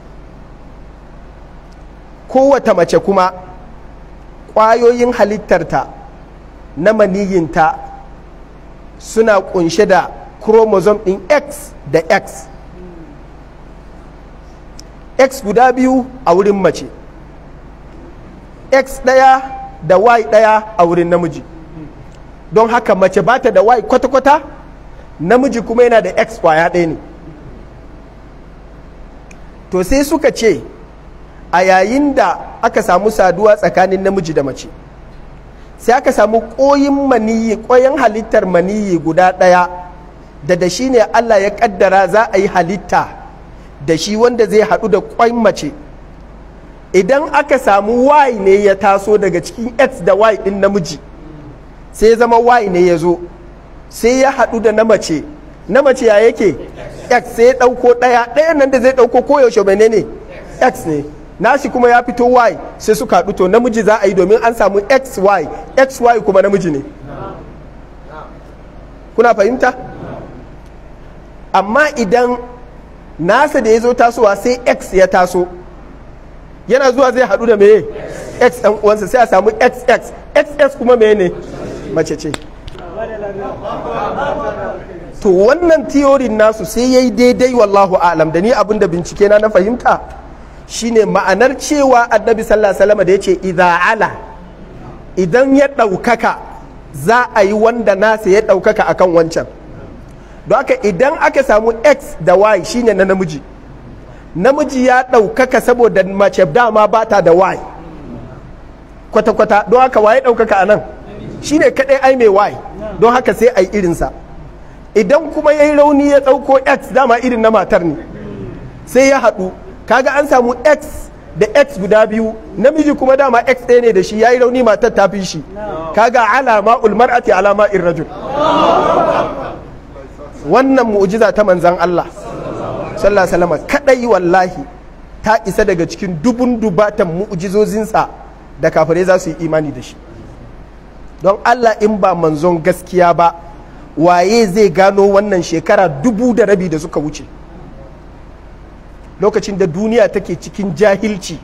kowata mace kuma kwayoyin halittarta na maniyinta suna kunshe da chromosome ɗin x da x x guda biyu a wurin mace x daya da y daya a wurin namiji don haka mace ba ta da y kwata-kwata namiji kuma yana da x kwaya ɗaya ne to sai suka ce a yayin da aka samu saduwa tsakanin namiji da mace sai aka samu ƙoyin maniyi ƙoyin halittar maniyi guda ɗaya da da shi ne Allah ya ƙaddara za a yi halitta da shi wanda zai haɗu da ƙwai mace idan aka samu y ne ya taso daga cikin x da y ɗin namiji sai zama y ne ya zo sai ya haɗu da na mace na mace ya yake x sai ya ɗauko ɗaya ɗayan nan da zai ɗauko koyaushe bane ne x ne nashi kuma ya fito y sai suka haɗu to namiji za a yi domin an samu xy xy kuma namiji ne kuna fahimta amma idan nasa da ya zo tasowa sai x ya taso yana zuwa zai haɗu da meye x ɗan uwansa sai a samu xx xx kuma meye ne mace ce to wannan tiyorin nasu sai ya yi daidai wallahu alam da ni abin da bincike na na fahimta shine ma'anar cewa annabi sallallahu alaihi da ya ce ala idan ya ɗaukaka za a yi wanda nasa ya ɗaukaka akan wancan don haka idan aka samu x da y shine na namiji namiji ya ɗaukaka saboda mace dama ba ta da y kwata-kwata don haka waye ɗaukaka a nan Shi ne kaɗai ai mai y don haka sai ai irinsa idan kuma ya yi rauni ya ɗauko x dama irin na matar ne sai ya haɗu kaga an samu x da x guda biyu namiji kuma dama x ɗaya ne da shi ya yi rauni matar ta fi shi kaga alama ulmar ulmar'ati alama irrajul wannan mu'ujiza ta manzan Allah sallallahu alaihi kaɗai wallahi ta isa daga cikin dubun dubatan mu'jizozinsa da kafirai za su yi imani da shi don Allah in ba manzon gaskiya ba waye zai gano wannan shekara dubu da rabi da suka wuce lokacin da duniya take cikin jahilci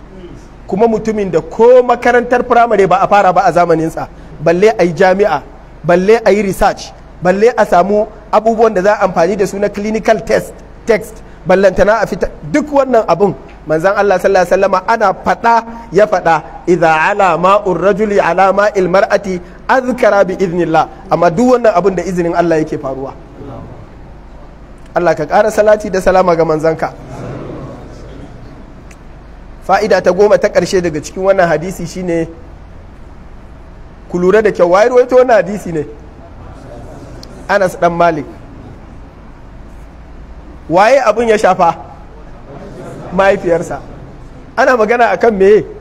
kuma mutumin da ko makarantar firamare ba a fara ba a zamaninsa balle a yi jami'a balle a yi research balle a samu abubuwan da za a amfani da su na clinical test text ballantana a fita duk wannan abun manzan Allah sallallahu alaihi wasallama ana fada ya fada idza alama ma'ur rajuli ala ma'il mar'ati azkara bi iznillah amma duk wannan abin da izinin Allah yake faruwa Allah ka ƙara salati da salama ga manzanka fa'ida ta goma ta ƙarshe daga cikin wannan hadisi shine ku lura da kyau wayar waito wannan hadisi ne anas dan malik waye abin ya shafa mahaifiyarsa ana magana akan meye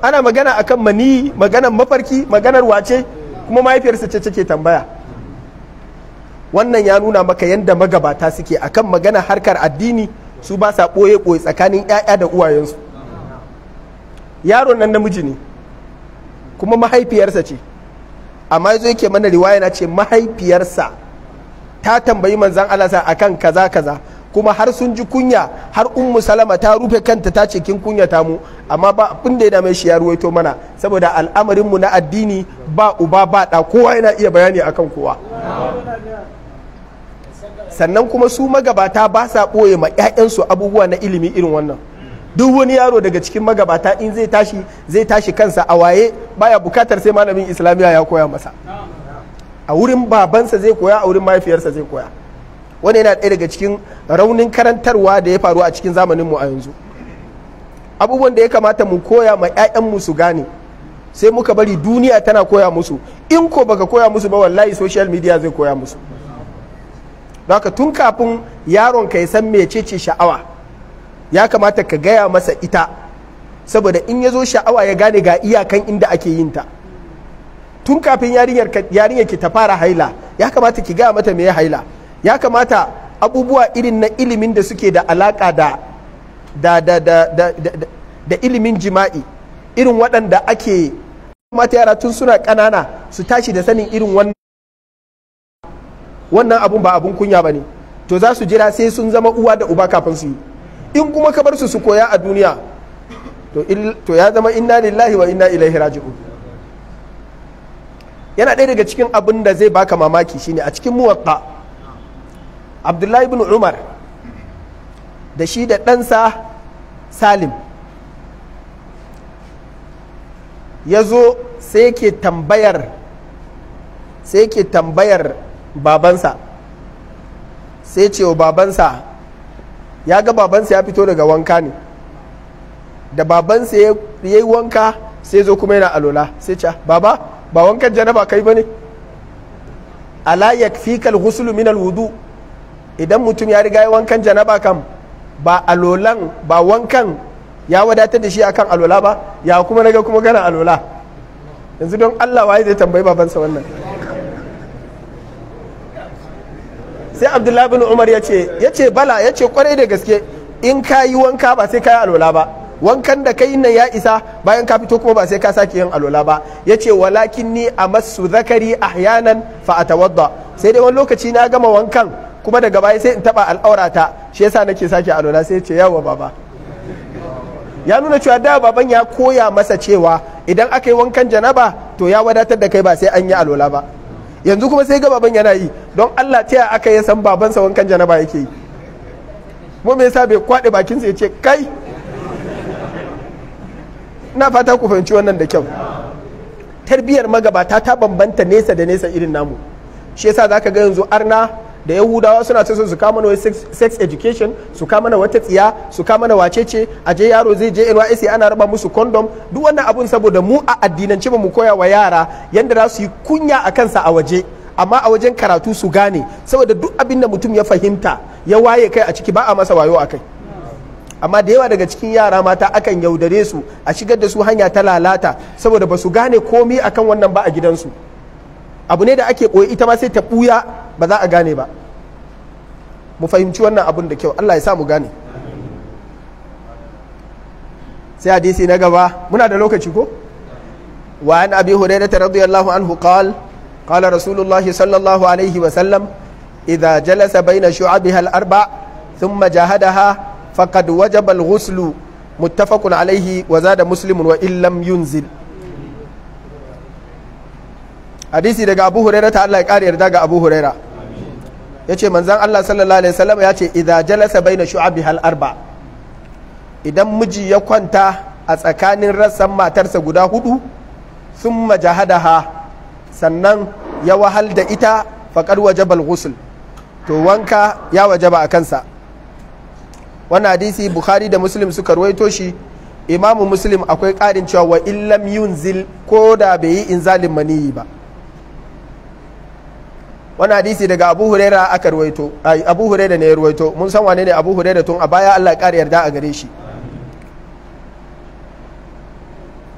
ana magana akan mani maganar mafarki maganar wace kuma mahaifiyarsa ce take tambaya wannan ya nuna maka yadda magabata suke akan magana harkar addini su ba sa ɓoye ɓoye tsakanin 'ya'ya da uwayensu yaron nan namiji ne kuma mahaifiyarsa ce amma yazo yake mana riwaya na ce mahaifiyarsa ta tambayi manzan alasa akan kaza kaza kuma har sun ji kunya har ummu salama ta rufe kanta ta ce kin kunya ta mu amma ba abin da ya dame shi ya ruwaito mana saboda al'amarin mu na addini ba uba ba da kowa yana iya bayani akan kowa sannan kuma su magabata ba sa ɓoye ma 'ya'yansu abubuwa na ilimi irin wannan duk wani yaro daga cikin magabata in zai tashi zai tashi kansa a waye baya bukatar sai malamin islamiya ya koya masa a wurin babansa zai koya a wurin mahaifiyarsa zai koya wani yana ɗaya daga cikin raunin karantarwa da ya faru a cikin zamanin mu a yanzu abubuwan da ya kamata mu koya ma 'ya'yanmu su gane sai muka bari duniya tana koya musu in ko baka koya musu ba wallahi social media zai koya musu haka tun kafin yaron ka ya san mecece sha'awa ya kamata ka gaya masa ita saboda in ya zo sha'awa ya gane ga iyakan inda ake yin ta tun kafin yarinyar ki ta fara haila ya kamata ki gaya mata me ya haila ya kamata abubuwa irin na ilimin da suke da alaka da da ilimin jima'i irin waɗanda ake mata yara tun suna ƙanana su tashi da sanin irin wannan abun ba abun kunya ba ne to za su jira sai sun zama uwa da uba kafin su yi in kuma ka bar su su koya a duniya to, to ya zama inna lillahi wa inna ilaihi raji'un yana ɗaya daga cikin abin da zai baka mamaki shine a cikin muwatta abdullahi bin umar da shi da ɗansa salim ya zo sai ke tambayar sai ke tambayar babansa sai ce wa babansa ya ga babansa ya fito daga wanka ne da babansa ya yi wanka sai zo kuma yana alola sai ce ah, baba ba wankan janaba kai ba ne ala yakfikal fi min al wudu' idan mutum ya riga ya wankan janaba kam ba alolan ba wankan ya wadatar da shi akan alola ba ya kuma naga kuma gana alola yanzu don Allah waye zai tambayi babansa wannan sai abdullahi bin umar ya ce bala ya ce kwarai da gaske in ka yi wanka ba sai ka yi alola ba wankan da kai nan ya isa bayan ka fito kuma ba sai ka sake yin alola ba ya ce walakin ni a masu zakari ahyanan fa a tawadda sai dai wani lokaci na gama wankan kuma daga baya sai in taba al'aurata shi yasa nake sake alwala sai ce yawa baba ya nuna cewa da baban ya koya masa cewa idan aka yi wankan janaba to ya wadatar da kai ba sai an yi alola ba yanzu kuma sai ga baban yana yi don Allah ta aka yi san babansa wankan janaba yake yi mu me yasa bai kwade bakin sa ya ce kai na fata ku fahimci wannan da kyau tarbiyar magabata ta bambanta nesa da nesa irin namu shi yasa zaka ga yanzu arna da yahudawa suna son su kama sex education su kama na wata tsiya su kama na wacece a je yaro zai je NYSC ana raba musu kondom duk wannan abun saboda mu a addinance ba mu koya wa yara yadda za su yi kunya a kansa a waje amma a wajen karatu su gane saboda duk abin da mutum ya fahimta ya waye kai a ciki ba a masa wayo a kai amma da yawa daga cikin yara mata akan yaudare su a shigar da su hanya ta lalata saboda ba su gane komi akan wannan ba a gidansu abu ne da ake koyi ita ma sai ta ɓuya. ba za a gane ba mu fahimci wannan abun da kyau Allah ya sa mu gane sai hadisi na gaba muna da lokaci ko wa an abi hurairah radiyallahu anhu qal qala rasulullah sallallahu alaihi wa sallam idza jalasa baina shu'abiha al-arba thumma jahadaha faqad wajaba al-ghuslu muttafaqun alaihi wa zada muslimun wa illam yunzil hadisi daga abu hurairah ta Allah ya kare yarda ga abu hurairah ya ce manzon Allah sallallahu alaihi wasallam ya ce idan jalasa baina hal arba idan miji ya kwanta a tsakanin rassan matarsa guda hudu thumma ha sannan ya wahal da ita 'Faƙar waje al to wanka ya waje ba a kansa wannan hadisi bukhari da muslim suka ruwaito shi imamu muslim akwai ƙarin cewa wa illam yunzil ko da bai yi inzalin maniyi ba wani hadisi daga abu huraira aka ruwaito abu huraira ne ya ruwaito mun san wane ne abu huraira tun a baya allah ƙari yarda a gare shi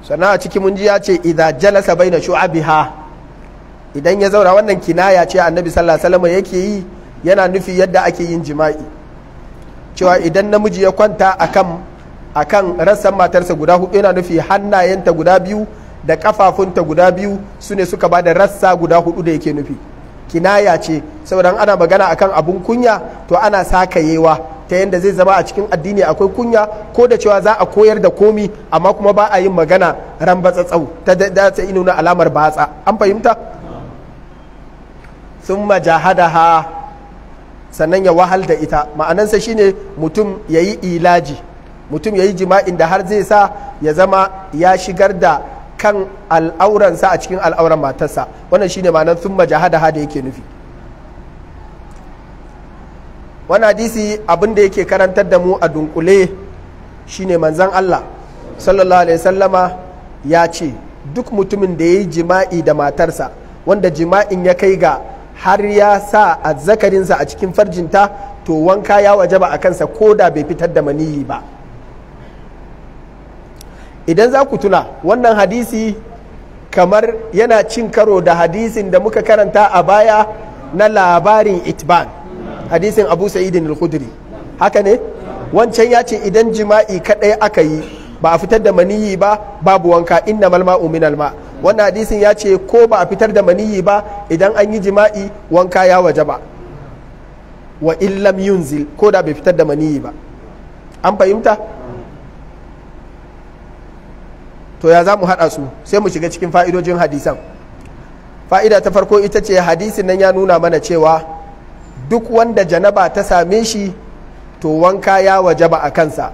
sannan a ciki mun ji ya ce idan jalasa bai na shu'abiha idan ya zaura wannan kinaya ce annabi sallallahu alaihi wasallam yake yi yana nufi yadda ake yin jima'i cewa idan namiji ya kwanta akan akan rassan matarsa guda hudu yana nufi hannayenta guda biyu da kafafunta guda biyu su ne suka ba da rassa guda hudu da yake nufi kinaya ce saboda ana magana akan abun kunya to ana sakayewa ta yadda zai zama a cikin addini akwai kunya ko da cewa za a koyar da komi amma kuma ba a yin magana ran batsatsau ta da ta inuna alamar batsa an fahimta sun majahada ha sannan ya wahal da ita ma'anansa shine mutum ya yi ilaji mutum ya yi jima'in da har zai sa ya zama ya shigar da kan al'auransa a cikin al'auran matarsa wannan shine ma'anar sun majahada da yake nufi wani hadisi abinda da yake karantar da mu a dunkule shine manzan Allah sallallahu alaihi sallama ya ce duk mutumin da ya yi jima'i da matarsa wanda jima'in ya kai ga har ya sa azzakarinsa a cikin farjinta to wanka ya wajaba a kansa ko da bai fitar da maniyi ba idan za ku tuna wannan hadisi kamar yana cin karo da hadisin da muka karanta a baya na labarin itban hadisin abu sa'idin al-khudri haka ne wancan ya ce idan jima'i kaɗai aka yi ba a fitar da maniyi ba babu wanka inna malma umin alma wannan hadisin ya ce ko ba a fitar da maniyi ba idan an yi jima'i wanka ya waje ba wa illam yunzil ko da bai fitar da maniyi ba an fahimta to ya za mu haɗa su sai mu shiga cikin fa'idojin hadisan fa'ida ta farko ita ce hadisin nan ya nuna mana cewa duk wanda janaba ta same shi to wanka ya wajaba a kansa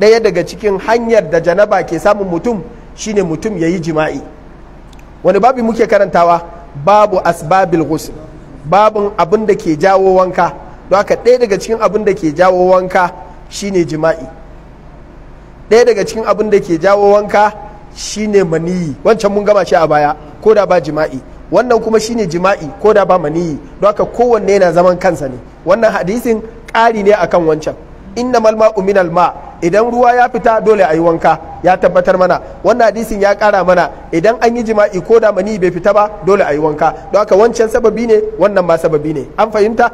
ɗaya daga cikin hanyar da janaba ke samun mutum shine mutum ya yi jima'i wani babi muke karantawa babu asbabil ghusl babin abin da ke jawo wanka don haka ɗaya daga cikin abin da ke jawo wanka shine jima'i ɗaya daga cikin abin da ke jawo wanka shine maniyi wancan mun gama shi a baya ko da ba jima'i wannan kuma shine jima'i ko da ba maniyi don haka kowanne yana zaman kansa ne wannan hadisin ƙari ne akan wancan inna malma uminal ma idan ruwa ya fita dole a yi wanka ya tabbatar mana wannan hadisin ya kara mana idan an yi jima'i ko da maniyi bai fita ba dole a yi wanka don haka wancan sababi ne wannan ma sababi ne an fahimta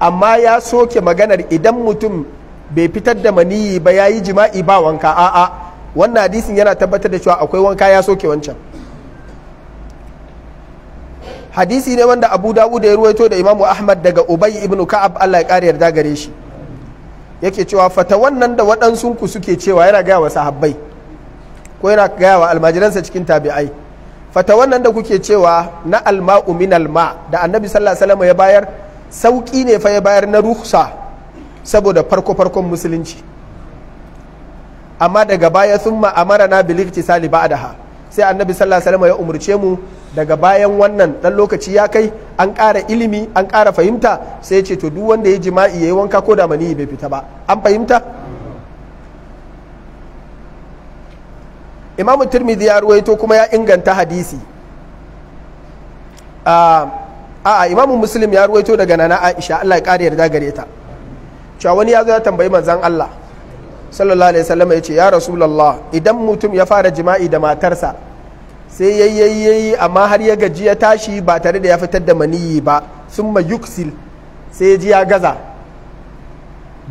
amma ya soke maganar idan mutum bai fitar da maniyi ba ya yi jima'i ba wanka a'a wannan hadisin yana tabbatar da cewa akwai wanka ya soke wancan hadisi ne wanda abu dawud ya ruwaito da imamu ahmad daga ubay ibn ka'ab allah ya kare yarda gare shi yake cewa fata wannan da waɗansu ku suke cewa yana gaya wa sahabbai ko yana gaya wa almajiransa cikin tabi'ai fata wannan da kuke cewa na alma'u min alma da annabi sallallahu alaihi wasallam ya bayar sauki ne fa ya bayar na ruhsa saboda farko-farkon musulunci amma daga baya sun ma'amara na bilikci sali ba'adaha sai annabi sallallahu alaihi wasallam ya umurce mu daga bayan wannan dan lokaci ya kai an ƙara ilimi an ƙara fahimta sai ce to duk wanda ya jima'i yayi wanka ko da maniyi bai fita ba an fahimta Imam Tirmidhi ya ruwaito kuma ya inganta hadisi ah, a a Imam Muslim ya ruwaito daga nana Aisha Allah ya kare yarda gare ta cewa wani ya zo ya tambayi manzan Allah sallallahu alaihi wasallam ya ce ya rasulullah idan mutum ya fara jima'i da matarsa sai yayi yayi amma har ya gaji ya tashi ba tare da ya fitar da maniyi ba summa yuksil sai ya ji ya gaza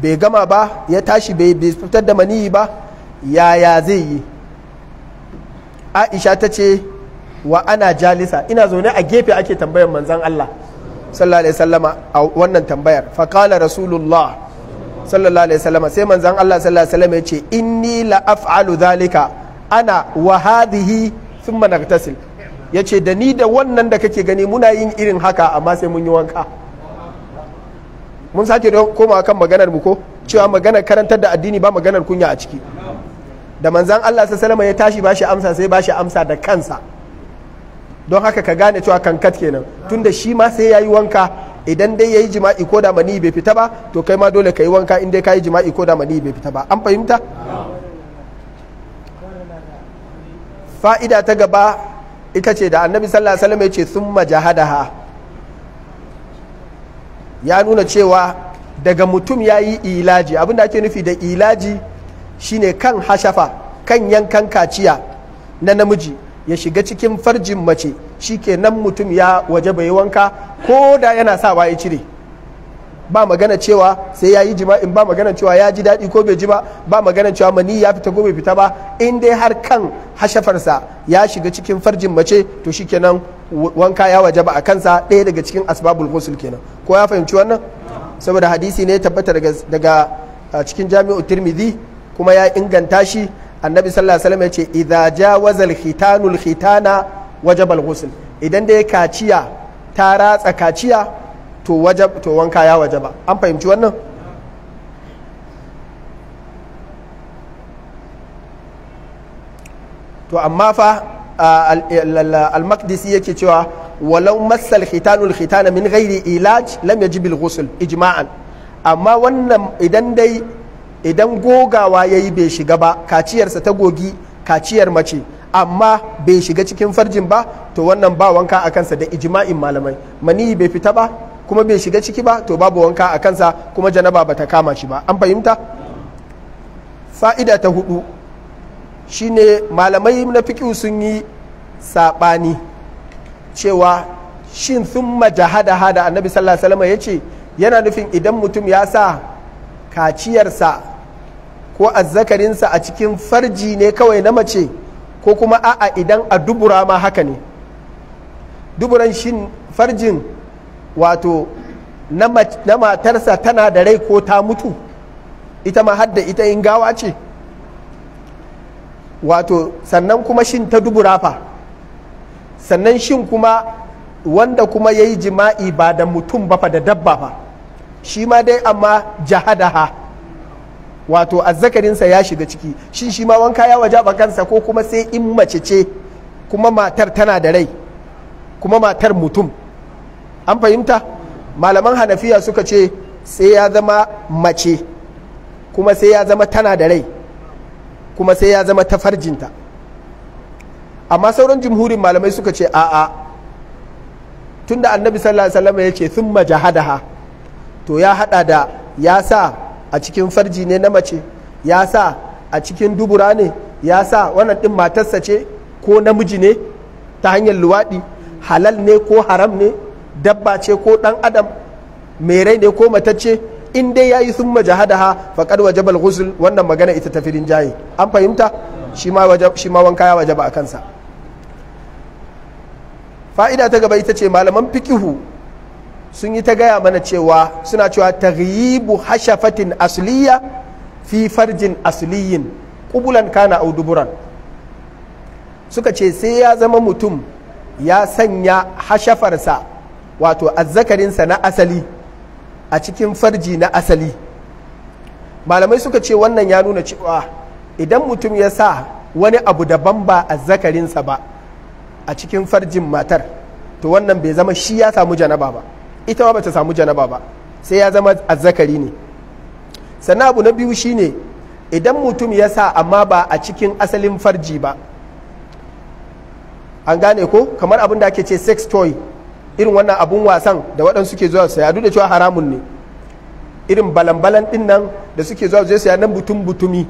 bai gama ba ya tashi bai fitar da maniyi ba yaya zai yi aisha ta ce wa ana jalisa ina zaune a gefe ake tambayar manzan Allah sallallahu alaihi wasallama a wannan tambayar faqala rasulullah sallallahu alaihi wasallam sai manzon Allah sallallahu alaihi wasallam ya inni la af'alu zalika ana wa hadhihi thumma nagtasil yace da ni da wannan da kake gani muna yin irin haka amma sai mun yi wanka mun sake komawa kan maganar mu ko cewa maganar karantar da addini ba maganar kunya a ciki da manzan Allah alaihi wasallam ya tashi ba shi amsa sai ba shi amsa da kansa don haka ka gane cewa kankat kenan tunda shi ma sai yayi wanka idan dai yayi jima'i ko da mani bai fita ba to kai ma dole kai wanka in dai kayi jima'i ko da mani bai fita ba an fahimta fa'ida ta gaba ita ce da annabi sallallahu alaihi wasallam ya ce summa jahadaha ya nuna cewa daga mutum ya yi ilaji abin da ake nufi da ilaji shine kan hashafa kan yankan kaciya na namiji ya shiga cikin farjin mace shi nan mutum ya waje bai wanka ko da yana sa ya cire ba magana cewa sai ya yi jima'in ba magana cewa ya ji daɗi ko bai ji ba ba magana cewa mani ya fita ko bai fita ba in dai har kan hashafarsa ya shiga cikin farjin mace to shi kenan wanka ya waje ba a kansa ɗaya daga cikin asbabul ghusl kenan ko ya fahimci wannan saboda hadisi ne tabbata daga, daga cikin jami'u tirmidhi kuma ya inganta shi annabi sallallahu alaihi wasallam ya ce idza jawazal khitanul khitana wajabal ghusl idan dai kaciya ta ratsa kaciya to wajab to wanka ya wajaba an fahimci wannan to amma fa al-maqdisi yake cewa walau massal khitanul khitana min ghairi ilaj lam yajib al-ghusl ijma'an amma wannan idan dai idan gogawa yayi bai shiga ba kaciyarsa ta gogi kaciyar mace amma bai shiga cikin farjin ba to wannan ba wanka a kansa da ijma'in malamai Mani bai fita ba kuma bai shiga ciki ba to babu wanka a kansa kuma janaba ba ta kama shi ba an fahimta fa'ida ta hudu shine malamai na fiƙi sun yi saɓani cewa shin sun majahada hada annabi sallallahu alaihi ya ce yana nufin idan mutum ya sa kaciyarsa ko azzakarinsa a cikin farji ne kawai na mace ko kuma a'a idan a dubura ma haka ne duburan shin farjin wato na matarsa tana da rai ko ta mutu ita ma hadda ita in gawa ce wato sannan kuma shin ta dubura fa sannan shin kuma wanda kuma ya yi jima'i ba da mutum ba fa da dabba fa shi ma dai amma ha. wato azzakarinsa ya shiga ciki shin shi ma wanka ya wajaba kansa ko kuma sai in mace ce kuma matar tana da rai kuma matar mutum an fahimta malaman hanafiya suka ce sai ya zama mace kuma sai ya zama tana da rai kuma sai ya zama ta farjinta. amma sauran jimhurin malamai suka ce a'a tunda annabi sallallahu alaihi wasallam ya ce sun majahadaha to ya hada da ya sa a cikin farji ne na mace ya sa a cikin dubura ne ya sa wannan ɗin matarsa ce ko namiji ne ta hanyar luwaɗi halal ne ko haram ne dabba ce ko ɗan adam mai rai ne ko matacce in dai ya yi sun majahadaha ha faƙar waje ghusl wannan magana ita tafi rinjaye an fahimta shi ma wanka ya waje ba a kansa fa'ida ta gaba ita ce malaman fikihu sun yi ta gaya mana cewa suna cewa taghyibu hashafatin asliya fi farjin asliyin ƙubulan kana auduburan suka ce sai ya zama mutum ya sanya hashafarsa wato azzakarinsa na asali a cikin farji na asali malamai suka ce wannan ya nuna cewa idan mutum ya sa wani abu daban ba zakarinsa ba a cikin farjin matar to wannan bai zama shi ya samu janaba ba ita ma bata samu janaba ba sai ya zama azzakari ne sannan abu na biyu shine idan mutum ya sa amma ba a cikin asalin farji ba an gane ko kamar abin da ake ce sex toy irin wannan abun wasan da waɗansu suke zuwa saya duk da cewa haramun ne irin balan-balan ɗin nan da suke zuwa zai saya na butum butumi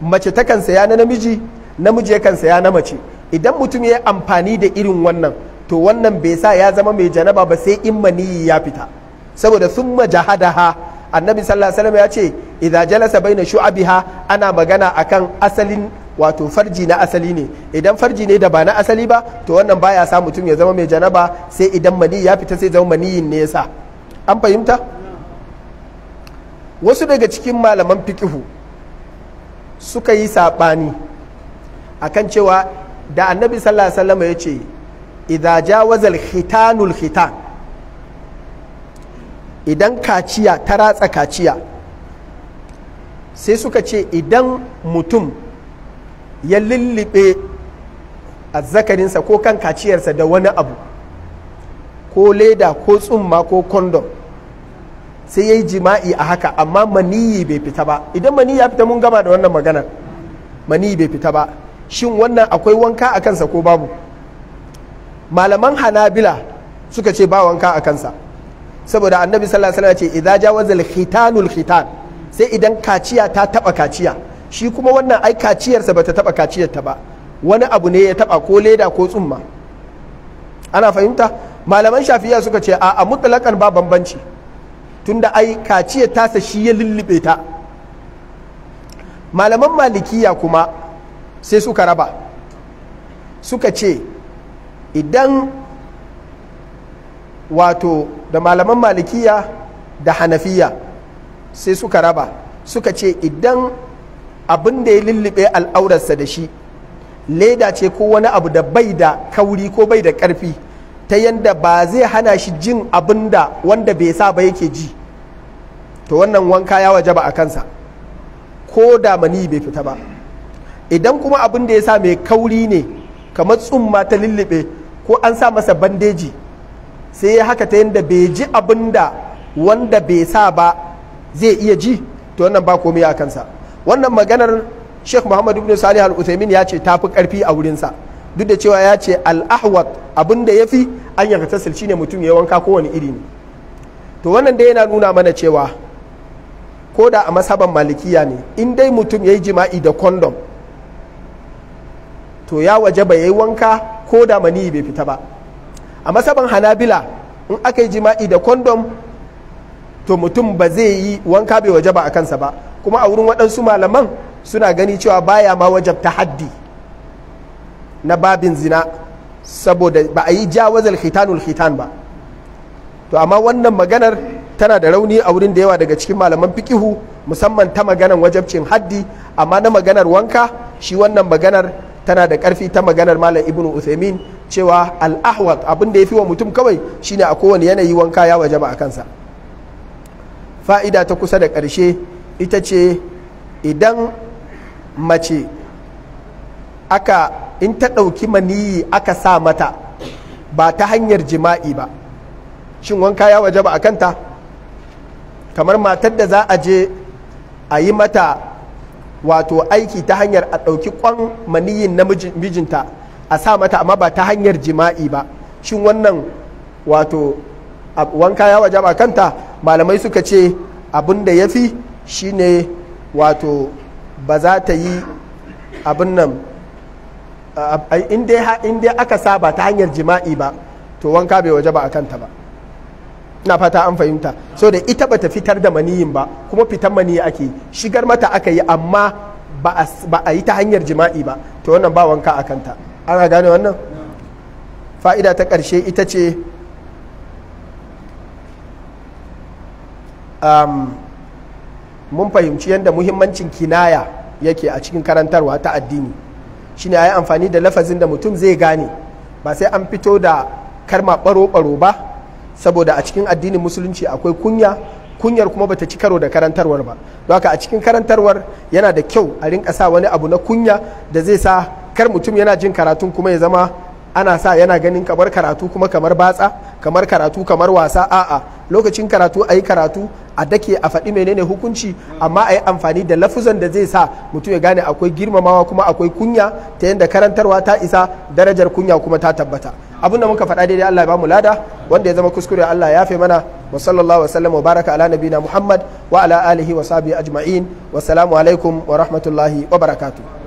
mace takan saya na namiji namiji yakan saya na mace idan mutum ya yi amfani da irin wannan to wannan bai sa ya zama mai janaba ba sai in maniyi ya fita saboda summa ha annabi sallallahu alaihi wasallam ya ce idza jalasa bai baina shu'abiha ana magana akan asalin wato farji na asali ne idan farji ne da ba na asali ba to wannan baya sa mutum ya zama mai janaba sai idan mani ya fita sai zama maniyin ne ya sa. an fahimta wasu daga cikin malaman fikihu suka yi sabani akan cewa da annabi sallallahu alaihi wasallam ya ce idan jawaza idan kaciya ta ratsa kaciya sai suka ce idan mutum ya lullube azzakarinsa ko kan kaciyarsa da wani abu ko leda ko tsumma ko kondom sai ya yi jima'i a haka amma maniyi bai fita ba idan maniyi ya fita mun gama da wannan maganar maniyi bai fita ba shin wannan akwai wanka a kansa ko babu malaman hanabila suka ce ba wanka a kansa saboda annabi sallallahu alaihi wasallam ce idza jawazal khitanul khitan sai idan kaciya ta taba kaciya shi kuma wannan ai kaciyarsa bata taba kaciyar ta ba wani abu ne ya taba ko leda ko tsumma ana fahimta malaman shafiya suka ce a a mutlaqan ba bambanci tunda ai kaciyar sa shi ya lullube ta malaman malikiya kuma sai suka raba suka ce idan wato da malaman malikiya da hanafiya sai suka raba suka ce idan abin da ya lullube al'aurarsa da shi leda ce ko wani abu da bai da kauri ko bai da ƙarfi ta yadda ba zai hana shi jin abin da wanda bai sa ba yake ji to wannan wanka ya waje ba a kansa ko da mani bai fita ba idan kuma abin da ya sa mai kauri ne kamar tsumma ta lullube ko an sa masa bandeji sai ya haka ta yadda bai ji abin da wanda bai sa ba zai iya ji to wannan ba komai a kansa wannan maganar sheikh muhammad ibn salih al uthaymin ya ce ta fi karfi a wurinsa duk da cewa ya ce al ahwat abin da ya fi an yanka tasil shine mutum ya wanka kowane iri ne to wannan dai yana nuna mana cewa ko da a masaban malikiya ne in dai mutum ya yi jima'i da kondom to ya waje ba yi wanka ko da mani bai fita ba a masaban hanabila in aka yi jima'i da kondom to mutum ba zai yi wanka bai waje ba a kansa ba kuma a wurin waɗansu malaman suna gani cewa baya ma ta haddi na babin zina saboda ba a yi jawazal khitanul khitan ba to amma wannan maganar tana da rauni a wurin da yawa daga cikin malaman fikihu musamman ta maganar wajabcin haddi amma na maganar wanka shi wannan maganar tana da ƙarfi ta maganar malam ibnu usaimin cewa al-ahwat abin da ya fi wa mutum kawai shine a kowane yanayi wanka ya wajaba a kansa fa'ida ta kusa da ƙarshe ita ce idan mace aka in ta ɗauki maniyi aka sa mata ba ta hanyar jima'i ba shin wanka ya wajaba a kanta kamar matar da za a je a yi mata wato aiki ta hanyar a ɗauki kwan maniyin na mijinta a sa mata amma ba ta hanyar jima'i ba shin wannan wato wanka ya waje ba kanta malamai suka ce abin da ya fi shine wato ba za ta yi abin nan in dai aka saba ta hanyar jima'i ba to wanka bai waje ba a kanta ba ina fata an fahimta so da ita bata fitar da maniyin ba kuma fitar maniyi ake shigar mata aka yi amma ba a yi ta hanyar jima'i ba to wannan ba wanka a kanta ana gane wannan fa'ida ta ƙarshe ita ce um, mun fahimci yadda muhimmancin kinaya yake a cikin karantarwa ta addini shine a yi amfani da lafazin da mutum zai gane ba sai an fito da karma ɓaro-ɓaro ba saboda a cikin addinin musulunci akwai kunya kunyar kuma bata ci karo da karantarwar ba don haka a cikin karantarwar yana da kyau a rinka sa wani abu na kunya da zai sa kar mutum yana jin karatun kuma ya zama ana sa yana ganin kamar karatu kuma kamar batsa kamar karatu kamar wasa a'a lokacin karatu a yi karatu a dake a faɗi menene hukunci amma a yi amfani da lafuzan da zai sa mutum ya gane akwai girmamawa kuma akwai kunya ta yadda karantarwa ta isa darajar kunya kuma ta tabbata abinda muka faɗa daidai Allah ya bamu lada wanda ya zama kuskure Allah ya fe mana wa sallallahu wa baraka ala nabina Muhammad wa ala alihi wa sahbihi ajma'in wa salamu alaikum wa rahmatullahi wa barakatuh